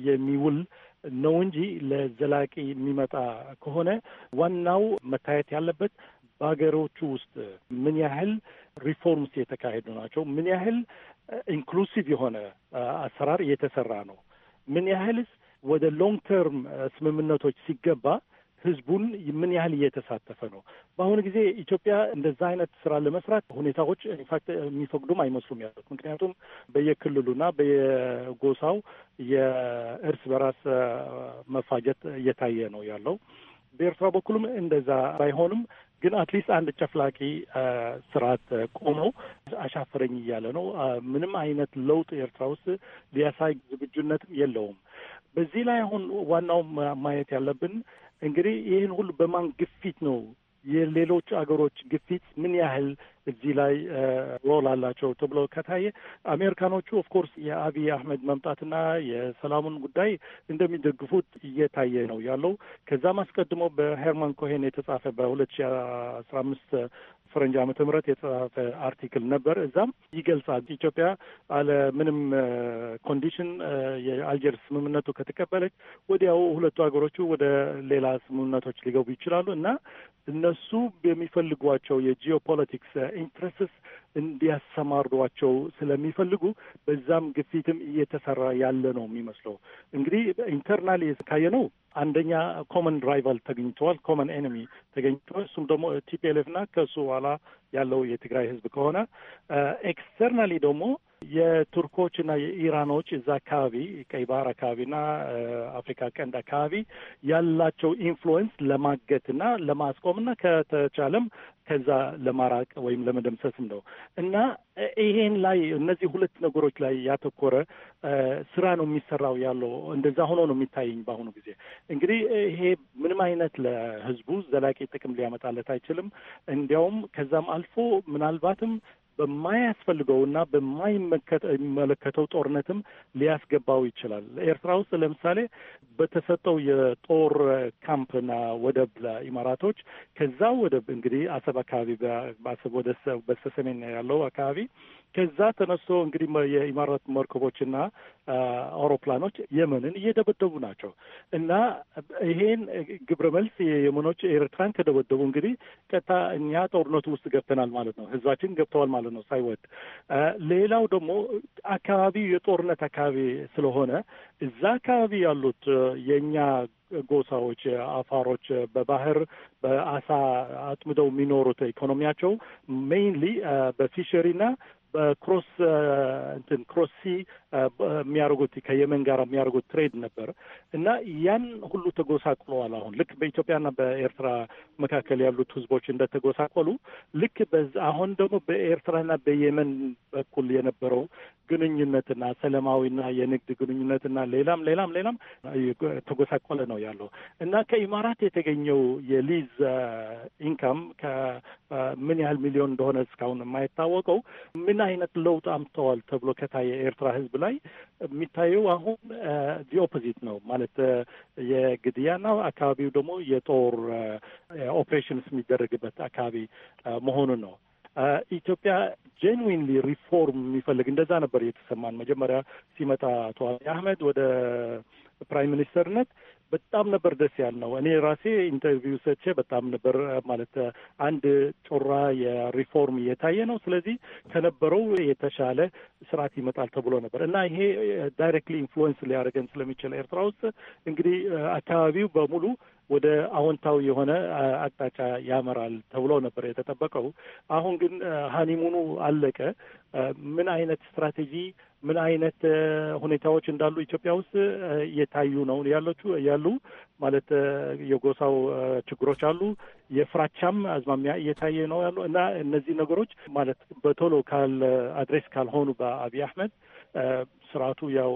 የሚውል ነው እንጂ ለዘላቂ የሚመጣ ከሆነ ዋናው መታየት ያለበት በሀገሮቹ ውስጥ ምን ያህል ሪፎርምስ የተካሄዱ ናቸው፣ ምን ያህል ኢንክሉሲቭ የሆነ አሰራር የተሰራ ነው፣ ምን ያህልስ ወደ ሎንግ ተርም uh, ስምምነቶች ሲገባ ህዝቡን ምን ያህል እየተሳተፈ ነው? በአሁኑ ጊዜ ኢትዮጵያ እንደዛ አይነት ስራ ለመስራት ሁኔታዎች ኢንፋክት የሚፈቅዱም አይመስሉም ያሉት። ምክንያቱም በየክልሉና በየጎሳው የእርስ በራስ uh, መፋጀት እየታየ ነው ያለው። በኤርትራ በኩልም እንደዛ ባይሆንም ግን አትሊስት አንድ ጨፍላቂ ስርዓት ቆሞ አሻፈረኝ እያለ ነው። ምንም አይነት ለውጥ ኤርትራ ውስጥ ሊያሳይ ዝግጁነትም የለውም። በዚህ ላይ አሁን ዋናው ማየት ያለብን እንግዲህ ይህን ሁሉ በማን ግፊት ነው የሌሎች አገሮች ግፊት ምን ያህል እዚህ ላይ ሮል አላቸው ተብሎ ከታየ አሜሪካኖቹ ኦፍኮርስ የአብይ አህመድ መምጣትና የሰላሙን ጉዳይ እንደሚደግፉት እየታየ ነው ያለው። ከዛም አስቀድሞ በሄርማን ኮሄን የተጻፈ በሁለት ሺ አስራ አምስት ፈረንጅ ዓመተ ምህረት የተጻፈ አርቲክል ነበር። እዛም ይገልጻል ኢትዮጵያ አለ ምንም ኮንዲሽን የአልጀር ስምምነቱ ከተቀበለች ወዲያው ሁለቱ ሀገሮቹ ወደ ሌላ ስምምነቶች ሊገቡ ይችላሉ እና እነሱ የሚፈልጓቸው የጂኦፖለቲክስ ኢንትረስትስ እንዲያሰማርዷቸው ስለሚፈልጉ በዛም ግፊትም እየተሰራ ያለ ነው የሚመስለው። እንግዲህ ኢንተርናል ነው። አንደኛ ኮመን ራይቫል ተገኝተዋል፣ ኮመን ኤኒሚ ተገኝተዋል። እሱም ደግሞ ቲፒኤልኤፍና ከእሱ በኋላ ያለው የትግራይ ህዝብ ከሆነ ኤክስተርናሊ ደግሞ የቱርኮችና የኢራኖች እዛ አካባቢ ቀይ ባህር አካባቢና አፍሪካ ቀንድ አካባቢ ያላቸው ኢንፍሉዌንስ ለማገትና ለማስቆምና ከተቻለም ከዛ ለማራቅ ወይም ለመደምሰስም ነው እና ይሄን ላይ እነዚህ ሁለት ነገሮች ላይ ያተኮረ ስራ ነው የሚሰራው ያለው። እንደዛ ሆኖ ነው የሚታየኝ በአሁኑ ጊዜ። እንግዲህ ይሄ ምንም አይነት ለህዝቡ ዘላቂ ጥቅም ሊያመጣለት አይችልም። እንዲያውም ከዛም አልፎ ምናልባትም በማያስፈልገውና በማይመለከተው ጦርነትም ሊያስገባው ይችላል። ኤርትራ ውስጥ ለምሳሌ በተሰጠው የጦር ካምፕና ወደብ ለኢማራቶች ከዛ ወደብ እንግዲህ አሰብ አካባቢ በአሰብ ወደ በስተሰሜን ያለው አካባቢ ከዛ ተነስቶ እንግዲህ የኢማራት መርከቦችና አውሮፕላኖች የመንን እየደበደቡ ናቸው እና ይሄን ግብረ መልስ የመኖች ኤርትራን ከደበደቡ እንግዲህ ቀጥታ እኛ ጦርነቱ ውስጥ ገብተናል ማለት ነው። ህዝባችን ገብተዋል ማለት ነው ሳይወድ። ሌላው ደግሞ አካባቢው የጦርነት አካባቢ ስለሆነ እዛ አካባቢ ያሉት የእኛ ጎሳዎች አፋሮች በባህር በአሳ አጥምደው የሚኖሩት ኢኮኖሚያቸው ሜይንሊ በፊሸሪና በክሮስ እንትን ክሮስ ሲ የሚያደርጉት ከየመን ጋር የሚያደርጉት ትሬድ ነበር እና ያን ሁሉ ተጎሳቅለዋል። አሁን ልክ በኢትዮጵያና በኤርትራ መካከል ያሉት ህዝቦች እንደተጎሳቆሉ ልክ በዚ አሁን ደግሞ በኤርትራና በየመን በኩል የነበረው ግንኙነትና ሰላማዊና የንግድ ግንኙነትና ሌላም ሌላም ሌላም ተጎሳቆለ ነው ያለው እና ከኢማራት የተገኘው የሊዝ ኢንካም ከምን ያህል ሚሊዮን እንደሆነ እስካሁን የማይታወቀው ምን አይነት ለውጥ አምጥተዋል ተብሎ ከታየ የኤርትራ ህዝብ ላይ የሚታየው አሁን ዚ ኦፖዚት ነው ማለት የግድያና አካባቢው ደግሞ የጦር ኦፕሬሽንስ የሚደረግበት አካባቢ መሆኑ ነው። ኢትዮጵያ ጄንዊንሊ ሪፎርም የሚፈልግ እንደዛ ነበር የተሰማን መጀመሪያ ሲመጣ አቶ አብይ አህመድ ወደ ፕራይም ሚኒስተርነት በጣም ነበር ደስ ያልነው። እኔ ራሴ ኢንተርቪው ሰቼ በጣም ነበር ማለት አንድ ጮራ የሪፎርም እየታየ ነው። ስለዚህ ከነበረው የተሻለ ስርዓት ይመጣል ተብሎ ነበር እና ይሄ ዳይሬክትሊ ኢንፍሉዌንስ ሊያደርገን ስለሚችል ኤርትራ ውስጥ እንግዲህ አካባቢው በሙሉ ወደ አዎንታዊ የሆነ አቅጣጫ ያመራል ተብሎ ነበር የተጠበቀው። አሁን ግን ሀኒሙኑ አለቀ። ምን አይነት ስትራቴጂ ምን አይነት ሁኔታዎች እንዳሉ ኢትዮጵያ ውስጥ እየታዩ ነው ያሉ ማለት የጎሳው ችግሮች አሉ፣ የፍራቻም አዝማሚያ እየታየ ነው ያሉ እና እነዚህ ነገሮች ማለት በቶሎ ካል አድሬስ ካልሆኑ በአብይ አህመድ ስርዓቱ ያው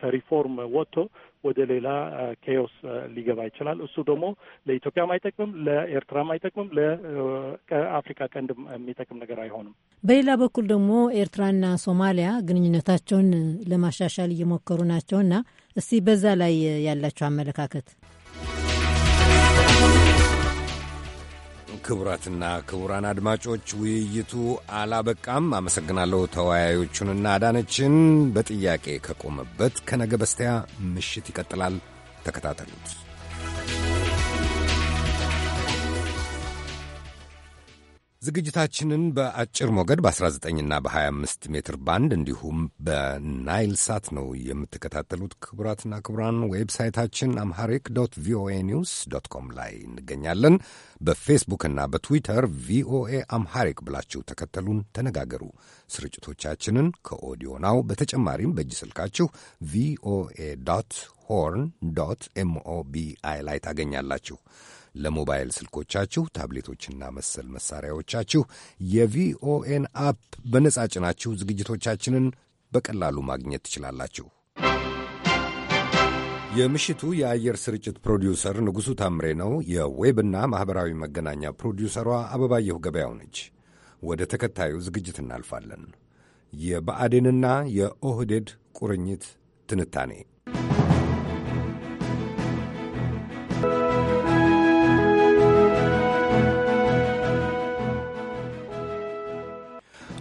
ከሪፎርም ወጥቶ ወደ ሌላ ኬዮስ ሊገባ ይችላል። እሱ ደግሞ ለኢትዮጵያም አይጠቅምም፣ ለኤርትራም አይጠቅምም፣ ለአፍሪካ ቀንድም የሚጠቅም ነገር አይሆንም። በሌላ በኩል ደግሞ ኤርትራና ሶማሊያ ግንኙነታቸውን ለማሻሻል እየሞከሩ እና እስቲ በዛ ላይ ያላቸው አመለካከት ክቡራትና ክቡራን አድማጮች ውይይቱ አላበቃም። አመሰግናለሁ ተወያዮቹንና አዳነችን። በጥያቄ ከቆመበት ከነገ በስቲያ ምሽት ይቀጥላል። ተከታተሉት። ዝግጅታችንን በአጭር ሞገድ በ19ና በ25 ሜትር ባንድ እንዲሁም በናይል ሳት ነው የምትከታተሉት። ክቡራትና ክቡራን ዌብሳይታችን አምሐሪክ ዶት ቪኦኤ ኒውስ ዶት ኮም ላይ እንገኛለን። በፌስቡክና በትዊተር ቪኦኤ አምሐሪክ ብላችሁ ተከተሉን፣ ተነጋገሩ። ስርጭቶቻችንን ከኦዲዮ ናው በተጨማሪም በእጅ ስልካችሁ ቪኦኤ ዶት ሆርን ዶት ኤምኦቢአይ ላይ ታገኛላችሁ። ለሞባይል ስልኮቻችሁ፣ ታብሌቶችና መሰል መሳሪያዎቻችሁ የቪኦኤን አፕ በነጻ ጭናችሁ ዝግጅቶቻችንን በቀላሉ ማግኘት ትችላላችሁ። የምሽቱ የአየር ስርጭት ፕሮዲውሰር ንጉሡ ታምሬ ነው። የዌብና ማኅበራዊ መገናኛ ፕሮዲውሰሯ አበባየሁ ገበያው ነች። ወደ ተከታዩ ዝግጅት እናልፋለን። የብአዴንና የኦህዴድ ቁርኝት ትንታኔ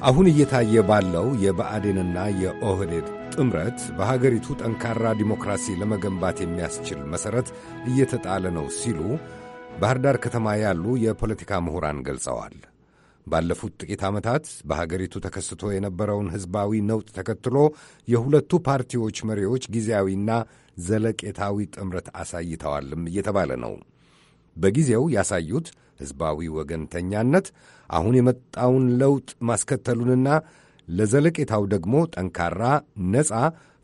አሁን እየታየ ባለው የብአዴንና የኦህዴድ ጥምረት በሀገሪቱ ጠንካራ ዲሞክራሲ ለመገንባት የሚያስችል መሠረት እየተጣለ ነው ሲሉ ባህር ዳር ከተማ ያሉ የፖለቲካ ምሁራን ገልጸዋል። ባለፉት ጥቂት ዓመታት በሀገሪቱ ተከስቶ የነበረውን ሕዝባዊ ነውጥ ተከትሎ የሁለቱ ፓርቲዎች መሪዎች ጊዜያዊና ዘለቄታዊ ጥምረት አሳይተዋልም እየተባለ ነው። በጊዜው ያሳዩት ሕዝባዊ ወገንተኛነት አሁን የመጣውን ለውጥ ማስከተሉንና ለዘለቄታው ደግሞ ጠንካራ ነፃ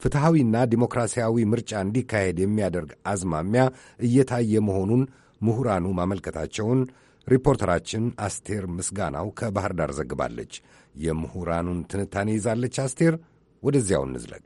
ፍትሐዊና ዲሞክራሲያዊ ምርጫ እንዲካሄድ የሚያደርግ አዝማሚያ እየታየ መሆኑን ምሁራኑ ማመልከታቸውን ሪፖርተራችን አስቴር ምስጋናው ከባህር ዳር ዘግባለች። የምሁራኑን ትንታኔ ይዛለች። አስቴር፣ ወደዚያው እንዝለቅ።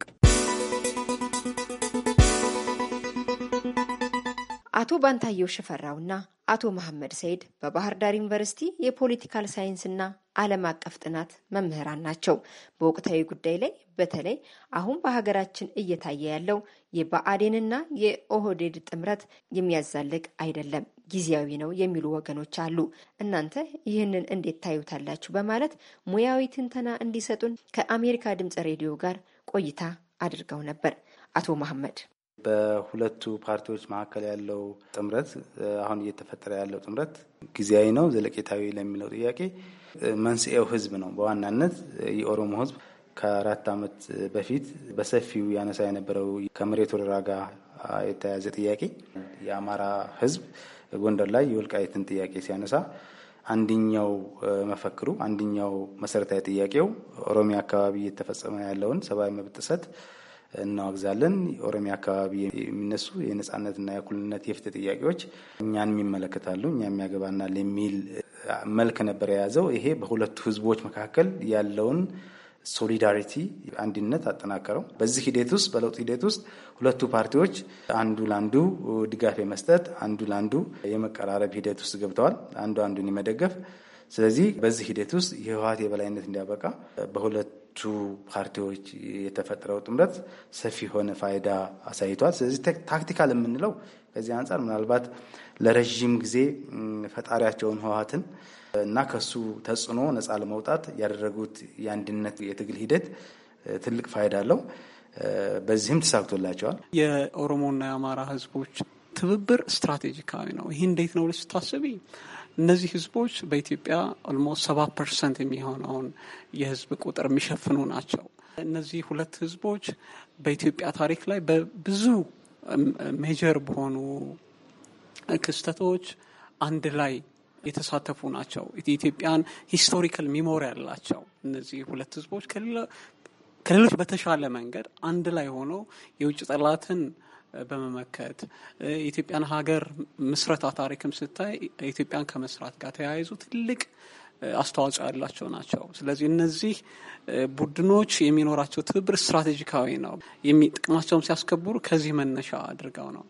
አቶ ባንታየው ሽፈራውና አቶ መሐመድ ሰይድ በባህር ዳር ዩኒቨርሲቲ የፖለቲካል ሳይንስና ዓለም አቀፍ ጥናት መምህራን ናቸው። በወቅታዊ ጉዳይ ላይ በተለይ አሁን በሀገራችን እየታየ ያለው የብአዴንና የኦህዴድ ጥምረት የሚያዛልቅ አይደለም፣ ጊዜያዊ ነው የሚሉ ወገኖች አሉ። እናንተ ይህንን እንዴት ታዩታላችሁ? በማለት ሙያዊ ትንተና እንዲሰጡን ከአሜሪካ ድምፅ ሬዲዮ ጋር ቆይታ አድርገው ነበር አቶ መሐመድ በሁለቱ ፓርቲዎች መካከል ያለው ጥምረት አሁን እየተፈጠረ ያለው ጥምረት ጊዜያዊ ነው ዘለቄታዊ ለሚለው ጥያቄ መንስኤው ህዝብ ነው። በዋናነት የኦሮሞ ህዝብ ከአራት ዓመት በፊት በሰፊው ያነሳ የነበረው ከመሬት ወረራ ጋር የተያያዘ ጥያቄ የአማራ ህዝብ ጎንደር ላይ የወልቃይትን ጥያቄ ሲያነሳ አንድኛው መፈክሩ አንድኛው መሰረታዊ ጥያቄው ኦሮሚያ አካባቢ እየተፈጸመ ያለውን ሰብአዊ መብት ጥሰት እናወግዛለን። ኦሮሚያ አካባቢ የሚነሱ የነጻነትና የእኩልነት የፍትህ ጥያቄዎች እኛን የሚመለከታሉ እኛ ያገባናል የሚል መልክ ነበር የያዘው። ይሄ በሁለቱ ህዝቦች መካከል ያለውን ሶሊዳሪቲ አንድነት አጠናከረው። በዚህ ሂደት ውስጥ በለውጥ ሂደት ውስጥ ሁለቱ ፓርቲዎች አንዱ ለአንዱ ድጋፍ የመስጠት አንዱ ለአንዱ የመቀራረብ ሂደት ውስጥ ገብተዋል፣ አንዱ አንዱን የመደገፍ ስለዚህ በዚህ ሂደት ውስጥ የህወሀት የበላይነት እንዲያበቃ በሁለት ሁለቱ ፓርቲዎች የተፈጠረው ጥምረት ሰፊ የሆነ ፋይዳ አሳይቷል። ስለዚህ ታክቲካል የምንለው ከዚህ አንጻር ምናልባት ለረዥም ጊዜ ፈጣሪያቸውን ህወሓትን እና ከሱ ተጽዕኖ ነፃ ለመውጣት ያደረጉት የአንድነት የትግል ሂደት ትልቅ ፋይዳ አለው። በዚህም ተሳክቶላቸዋል። የኦሮሞና የአማራ ህዝቦች ትብብር ስትራቴጂካዊ ነው። ይህ እንዴት ነው ልስታስቢ እነዚህ ህዝቦች በኢትዮጵያ ኦልሞስት ሰባ ፐርሰንት የሚሆነውን የህዝብ ቁጥር የሚሸፍኑ ናቸው። እነዚህ ሁለት ህዝቦች በኢትዮጵያ ታሪክ ላይ በብዙ ሜጀር በሆኑ ክስተቶች አንድ ላይ የተሳተፉ ናቸው። የኢትዮጵያን ሂስቶሪካል ሚሞሪ ያላቸው እነዚህ ሁለት ህዝቦች ከሌሎች በተሻለ መንገድ አንድ ላይ ሆኖ የውጭ ጠላትን በመመከት የኢትዮጵያን ሀገር ምስረታ ታሪክም ስታይ ኢትዮጵያን ከመስራት ጋር ተያይዞ ትልቅ አስተዋጽኦ ያላቸው ናቸው። ስለዚህ እነዚህ ቡድኖች የሚኖራቸው ትብብር ስትራቴጂካዊ ነው። ጥቅማቸውም ሲያስከብሩ ከዚህ መነሻ አድርገው ነው።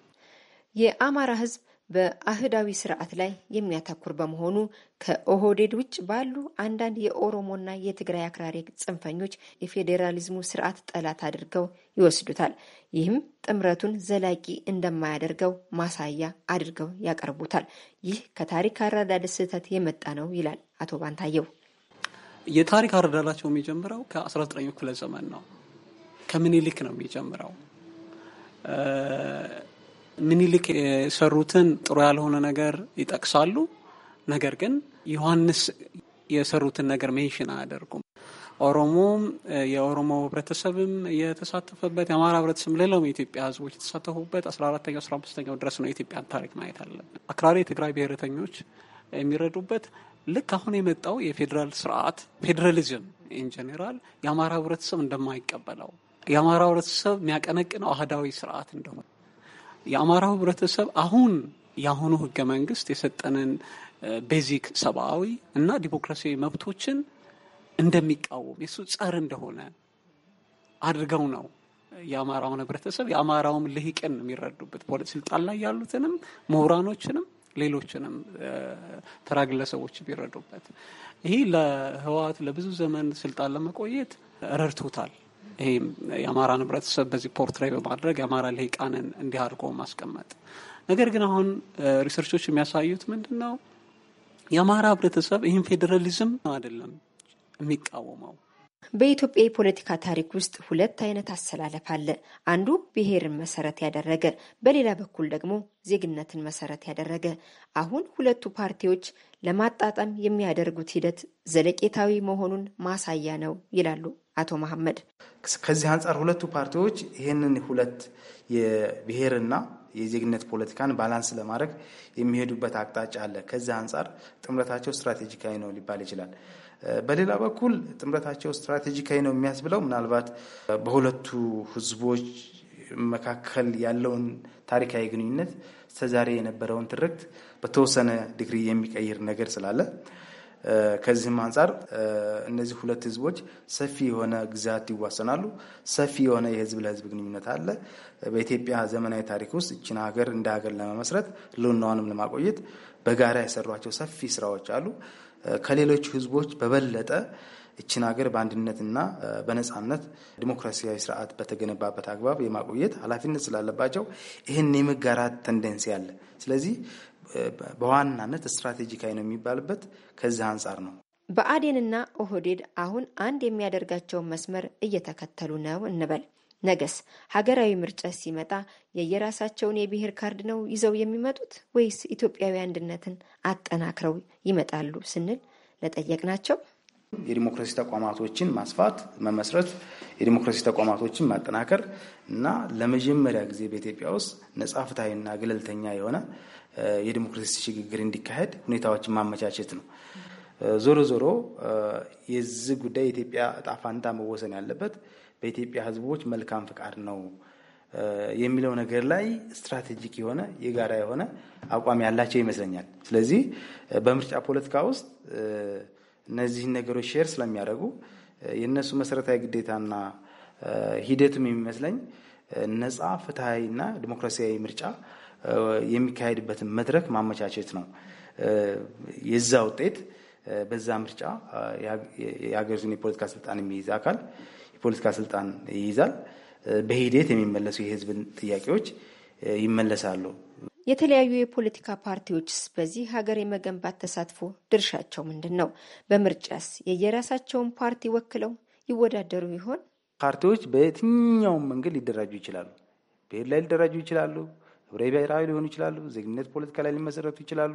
የአማራ ህዝብ በአህዳዊ ስርዓት ላይ የሚያተኩር በመሆኑ ከኦህዴድ ውጭ ባሉ አንዳንድ የኦሮሞና የትግራይ አክራሪ ጽንፈኞች የፌዴራሊዝሙ ስርዓት ጠላት አድርገው ይወስዱታል። ይህም ጥምረቱን ዘላቂ እንደማያደርገው ማሳያ አድርገው ያቀርቡታል። ይህ ከታሪክ አረዳድ ስህተት የመጣ ነው ይላል አቶ ባንታየው። የታሪክ አረዳዳቸው የሚጀምረው ከ19ኛው ክፍለ ዘመን ነው። ከምኒልክ ነው የሚጀምረው ምኒልክ የሰሩትን ጥሩ ያልሆነ ነገር ይጠቅሳሉ። ነገር ግን ዮሐንስ የሰሩትን ነገር ሜንሽን አያደርጉም። ኦሮሞም የኦሮሞ ህብረተሰብም የተሳተፈበት የአማራ ህብረተሰብ፣ ሌላውም የኢትዮጵያ ህዝቦች የተሳተፉበት አስራ አራተኛው አስራ አምስተኛው ድረስ ነው የኢትዮጵያን ታሪክ ማየት አለብን። አክራሪ የትግራይ ብሔረተኞች የሚረዱበት ልክ አሁን የመጣው የፌዴራል ስርዓት ፌዴራሊዝም ኢንጀኔራል የአማራ ህብረተሰብ እንደማይቀበለው የአማራ ህብረተሰብ የሚያቀነቅነው አህዳዊ ስርዓት እንደሆነ የአማራው ህብረተሰብ አሁን የአሁኑ ህገ መንግስት የሰጠንን ቤዚክ ሰብአዊ እና ዲሞክራሲያዊ መብቶችን እንደሚቃወም የሱ ጸር እንደሆነ አድርገው ነው የአማራውን ህብረተሰብ የአማራውም ልሂቅን የሚረዱበት ስልጣን ላይ ያሉትንም ምሁራኖችንም ሌሎችንም ተራ ግለሰቦች ቢረዱበት ይህ ለህወሓት ለብዙ ዘመን ስልጣን ለመቆየት ረድቶታል። ይሄ የአማራን ህብረተሰብ በዚህ ፖርትሬ በማድረግ የአማራ ልሂቃንን እንዲህ አድርጎ ማስቀመጥ። ነገር ግን አሁን ሪሰርቾች የሚያሳዩት ምንድን ነው? የአማራ ህብረተሰብ ይህን ፌዴራሊዝም አይደለም የሚቃወመው። በኢትዮጵያ የፖለቲካ ታሪክ ውስጥ ሁለት አይነት አሰላለፍ አለ። አንዱ ብሔርን መሰረት ያደረገ፣ በሌላ በኩል ደግሞ ዜግነትን መሰረት ያደረገ። አሁን ሁለቱ ፓርቲዎች ለማጣጣም የሚያደርጉት ሂደት ዘለቄታዊ መሆኑን ማሳያ ነው ይላሉ አቶ መሐመድ። ከዚህ አንጻር ሁለቱ ፓርቲዎች ይህንን ሁለት የብሔርና የዜግነት ፖለቲካን ባላንስ ለማድረግ የሚሄዱበት አቅጣጫ አለ። ከዚህ አንጻር ጥምረታቸው ስትራቴጂካዊ ነው ሊባል ይችላል። በሌላ በኩል ጥምረታቸው ስትራቴጂካዊ ነው የሚያስብለው ምናልባት በሁለቱ ህዝቦች መካከል ያለውን ታሪካዊ ግንኙነት እስከዛሬ የነበረውን ትርክት በተወሰነ ዲግሪ የሚቀይር ነገር ስላለ ከዚህም አንጻር እነዚህ ሁለት ህዝቦች ሰፊ የሆነ ግዛት ይዋሰናሉ። ሰፊ የሆነ የህዝብ ለህዝብ ግንኙነት አለ። በኢትዮጵያ ዘመናዊ ታሪክ ውስጥ እችን ሀገር እንደ ሀገር ለመመስረት ህልውናዋንም ለማቆየት በጋራ የሰሯቸው ሰፊ ስራዎች አሉ። ከሌሎች ህዝቦች በበለጠ እችን ሀገር በአንድነትና በነጻነት ዲሞክራሲያዊ ስርዓት በተገነባበት አግባብ የማቆየት ኃላፊነት ስላለባቸው ይህን የመጋራት ተንደንሲ አለ። ስለዚህ በዋናነት ስትራቴጂካዊ ነው የሚባልበት ከዚህ አንጻር ነው። በአዴንና ኦህዴድ አሁን አንድ የሚያደርጋቸውን መስመር እየተከተሉ ነው እንበል። ነገስ ሀገራዊ ምርጫ ሲመጣ የየራሳቸውን የብሔር ካርድ ነው ይዘው የሚመጡት ወይስ ኢትዮጵያዊ አንድነትን አጠናክረው ይመጣሉ ስንል ለጠየቅናቸው የዲሞክራሲ ተቋማቶችን ማስፋት፣ መመስረት፣ የዲሞክራሲ ተቋማቶችን ማጠናከር እና ለመጀመሪያ ጊዜ በኢትዮጵያ ውስጥ ነጻ ፍትሐዊና ገለልተኛ የሆነ የዲሞክራሲ ሽግግር እንዲካሄድ ሁኔታዎችን ማመቻቸት ነው። ዞሮ ዞሮ የዚህ ጉዳይ የኢትዮጵያ እጣ ፋንታ መወሰን ያለበት በኢትዮጵያ ሕዝቦች መልካም ፍቃድ ነው የሚለው ነገር ላይ ስትራቴጂክ የሆነ የጋራ የሆነ አቋም ያላቸው ይመስለኛል። ስለዚህ በምርጫ ፖለቲካ ውስጥ እነዚህን ነገሮች ሼር ስለሚያደርጉ የእነሱ መሰረታዊ ግዴታና ሂደቱም የሚመስለኝ ነጻ ፍትሐዊና ዲሞክራሲያዊ ምርጫ የሚካሄድበትን መድረክ ማመቻቸት ነው። የዛ ውጤት በዛ ምርጫ የሀገሪቱን የፖለቲካ ስልጣን የሚይዝ አካል የፖለቲካ ስልጣን ይይዛል። በሂደት የሚመለሱ የህዝብን ጥያቄዎች ይመለሳሉ። የተለያዩ የፖለቲካ ፓርቲዎችስ በዚህ ሀገር የመገንባት ተሳትፎ ድርሻቸው ምንድን ነው? በምርጫስ የየራሳቸውን ፓርቲ ወክለው ይወዳደሩ ይሆን? ፓርቲዎች በየትኛውም መንገድ ሊደራጁ ይችላሉ። ብሔር ላይ ሊደራጁ ይችላሉ። ህብረ ብሔራዊ ሊሆኑ ይችላሉ። ዜግነት ፖለቲካ ላይ ሊመሰረቱ ይችላሉ።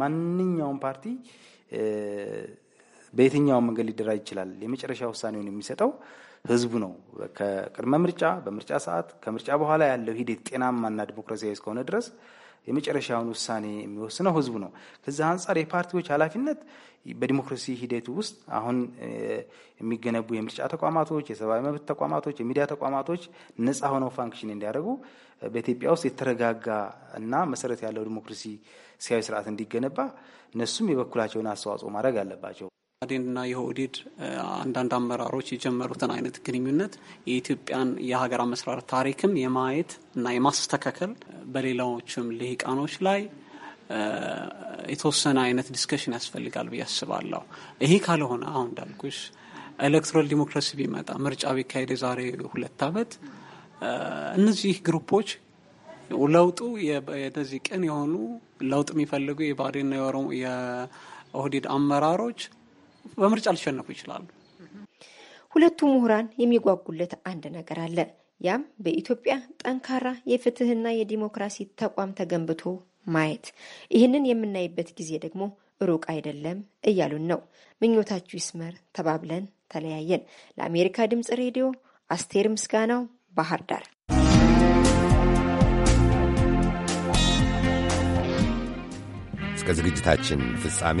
ማንኛውም ፓርቲ በየትኛውም መንገድ ሊደራጅ ይችላል። የመጨረሻ ውሳኔውን የሚሰጠው ህዝቡ ነው። ከቅድመ ምርጫ፣ በምርጫ ሰዓት፣ ከምርጫ በኋላ ያለው ሂደት ጤናማና ዲሞክራሲያዊ እስከሆነ ድረስ የመጨረሻውን ውሳኔ የሚወስነው ህዝቡ ነው። ከዚህ አንጻር የፓርቲዎች ኃላፊነት በዲሞክራሲ ሂደቱ ውስጥ አሁን የሚገነቡ የምርጫ ተቋማቶች፣ የሰብአዊ መብት ተቋማቶች፣ የሚዲያ ተቋማቶች ነፃ ሆነው ፋንክሽን እንዲያደርጉ በኢትዮጵያ ውስጥ የተረጋጋ እና መሰረት ያለው ዲሞክራሲ ሲያዊ ስርዓት እንዲገነባ እነሱም የበኩላቸውን አስተዋጽኦ ማድረግ አለባቸው። አዴንና የኦህዴድ አንዳንድ አመራሮች የጀመሩትን አይነት ግንኙነት የኢትዮጵያን የሀገር አመራር ታሪክም የማየት እና የማስተካከል በሌላዎችም ልሂቃኖች ላይ የተወሰነ አይነት ዲስከሽን ያስፈልጋል ብዬ አስባለሁ። ይሄ ካልሆነ አሁን እንዳልኩሽ ኤሌክቶራል ዲሞክራሲ ቢመጣ ምርጫ ቢካሄድ የዛሬ ሁለት ዓመት እነዚህ ግሩፖች ለውጡ እንደዚህ ቅን የሆኑ ለውጥ የሚፈልጉ የባዴንና የኦህዴድ አመራሮች በምርጫ ሊሸነፉ ይችላሉ። ሁለቱ ምሁራን የሚጓጉለት አንድ ነገር አለ። ያም በኢትዮጵያ ጠንካራ የፍትህና የዲሞክራሲ ተቋም ተገንብቶ ማየት። ይህንን የምናይበት ጊዜ ደግሞ ሩቅ አይደለም እያሉን ነው። ምኞታችሁ ይስመር ተባብለን ተለያየን። ለአሜሪካ ድምፅ ሬዲዮ አስቴር ምስጋናው ባህር ዳር። እስከ ዝግጅታችን ፍጻሜ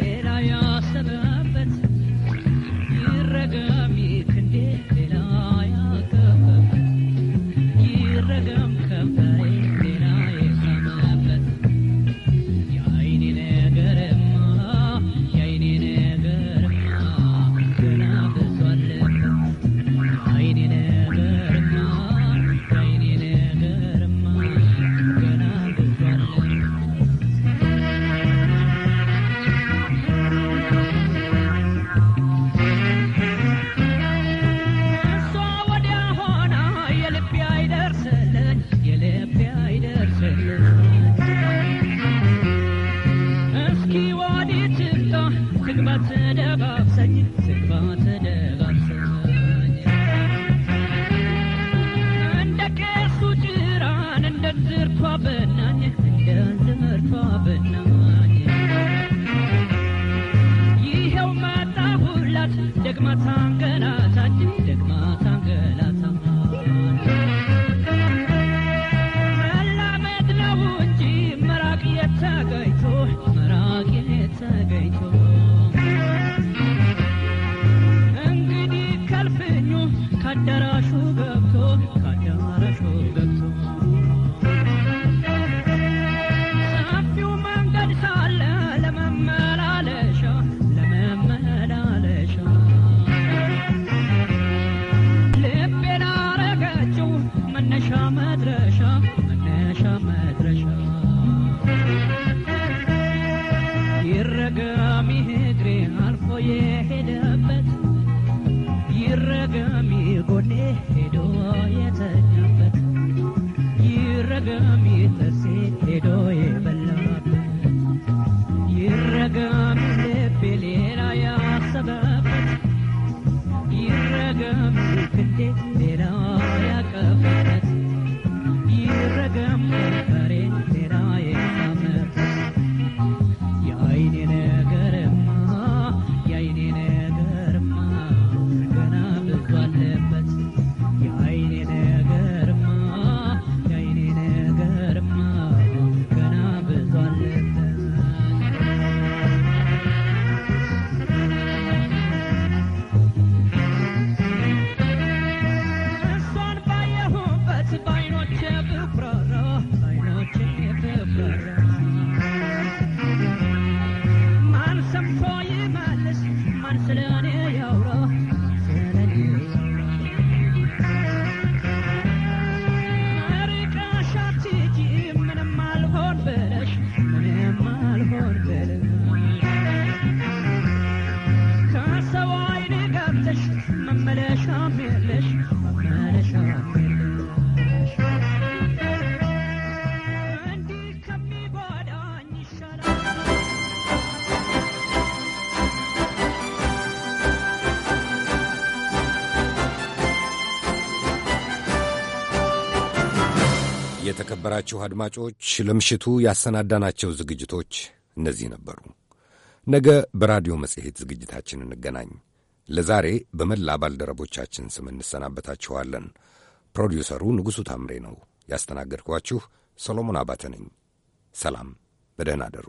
doye የተከበራችሁ አድማጮች ለምሽቱ ያሰናዳናቸው ዝግጅቶች እነዚህ ነበሩ። ነገ በራዲዮ መጽሔት ዝግጅታችን እንገናኝ። ለዛሬ በመላ ባልደረቦቻችን ስም እንሰናበታችኋለን። ፕሮዲውሰሩ ንጉሡ ታምሬ ነው። ያስተናገድኳችሁ ሰሎሞን አባተ ነኝ። ሰላም፣ በደህና አደሩ።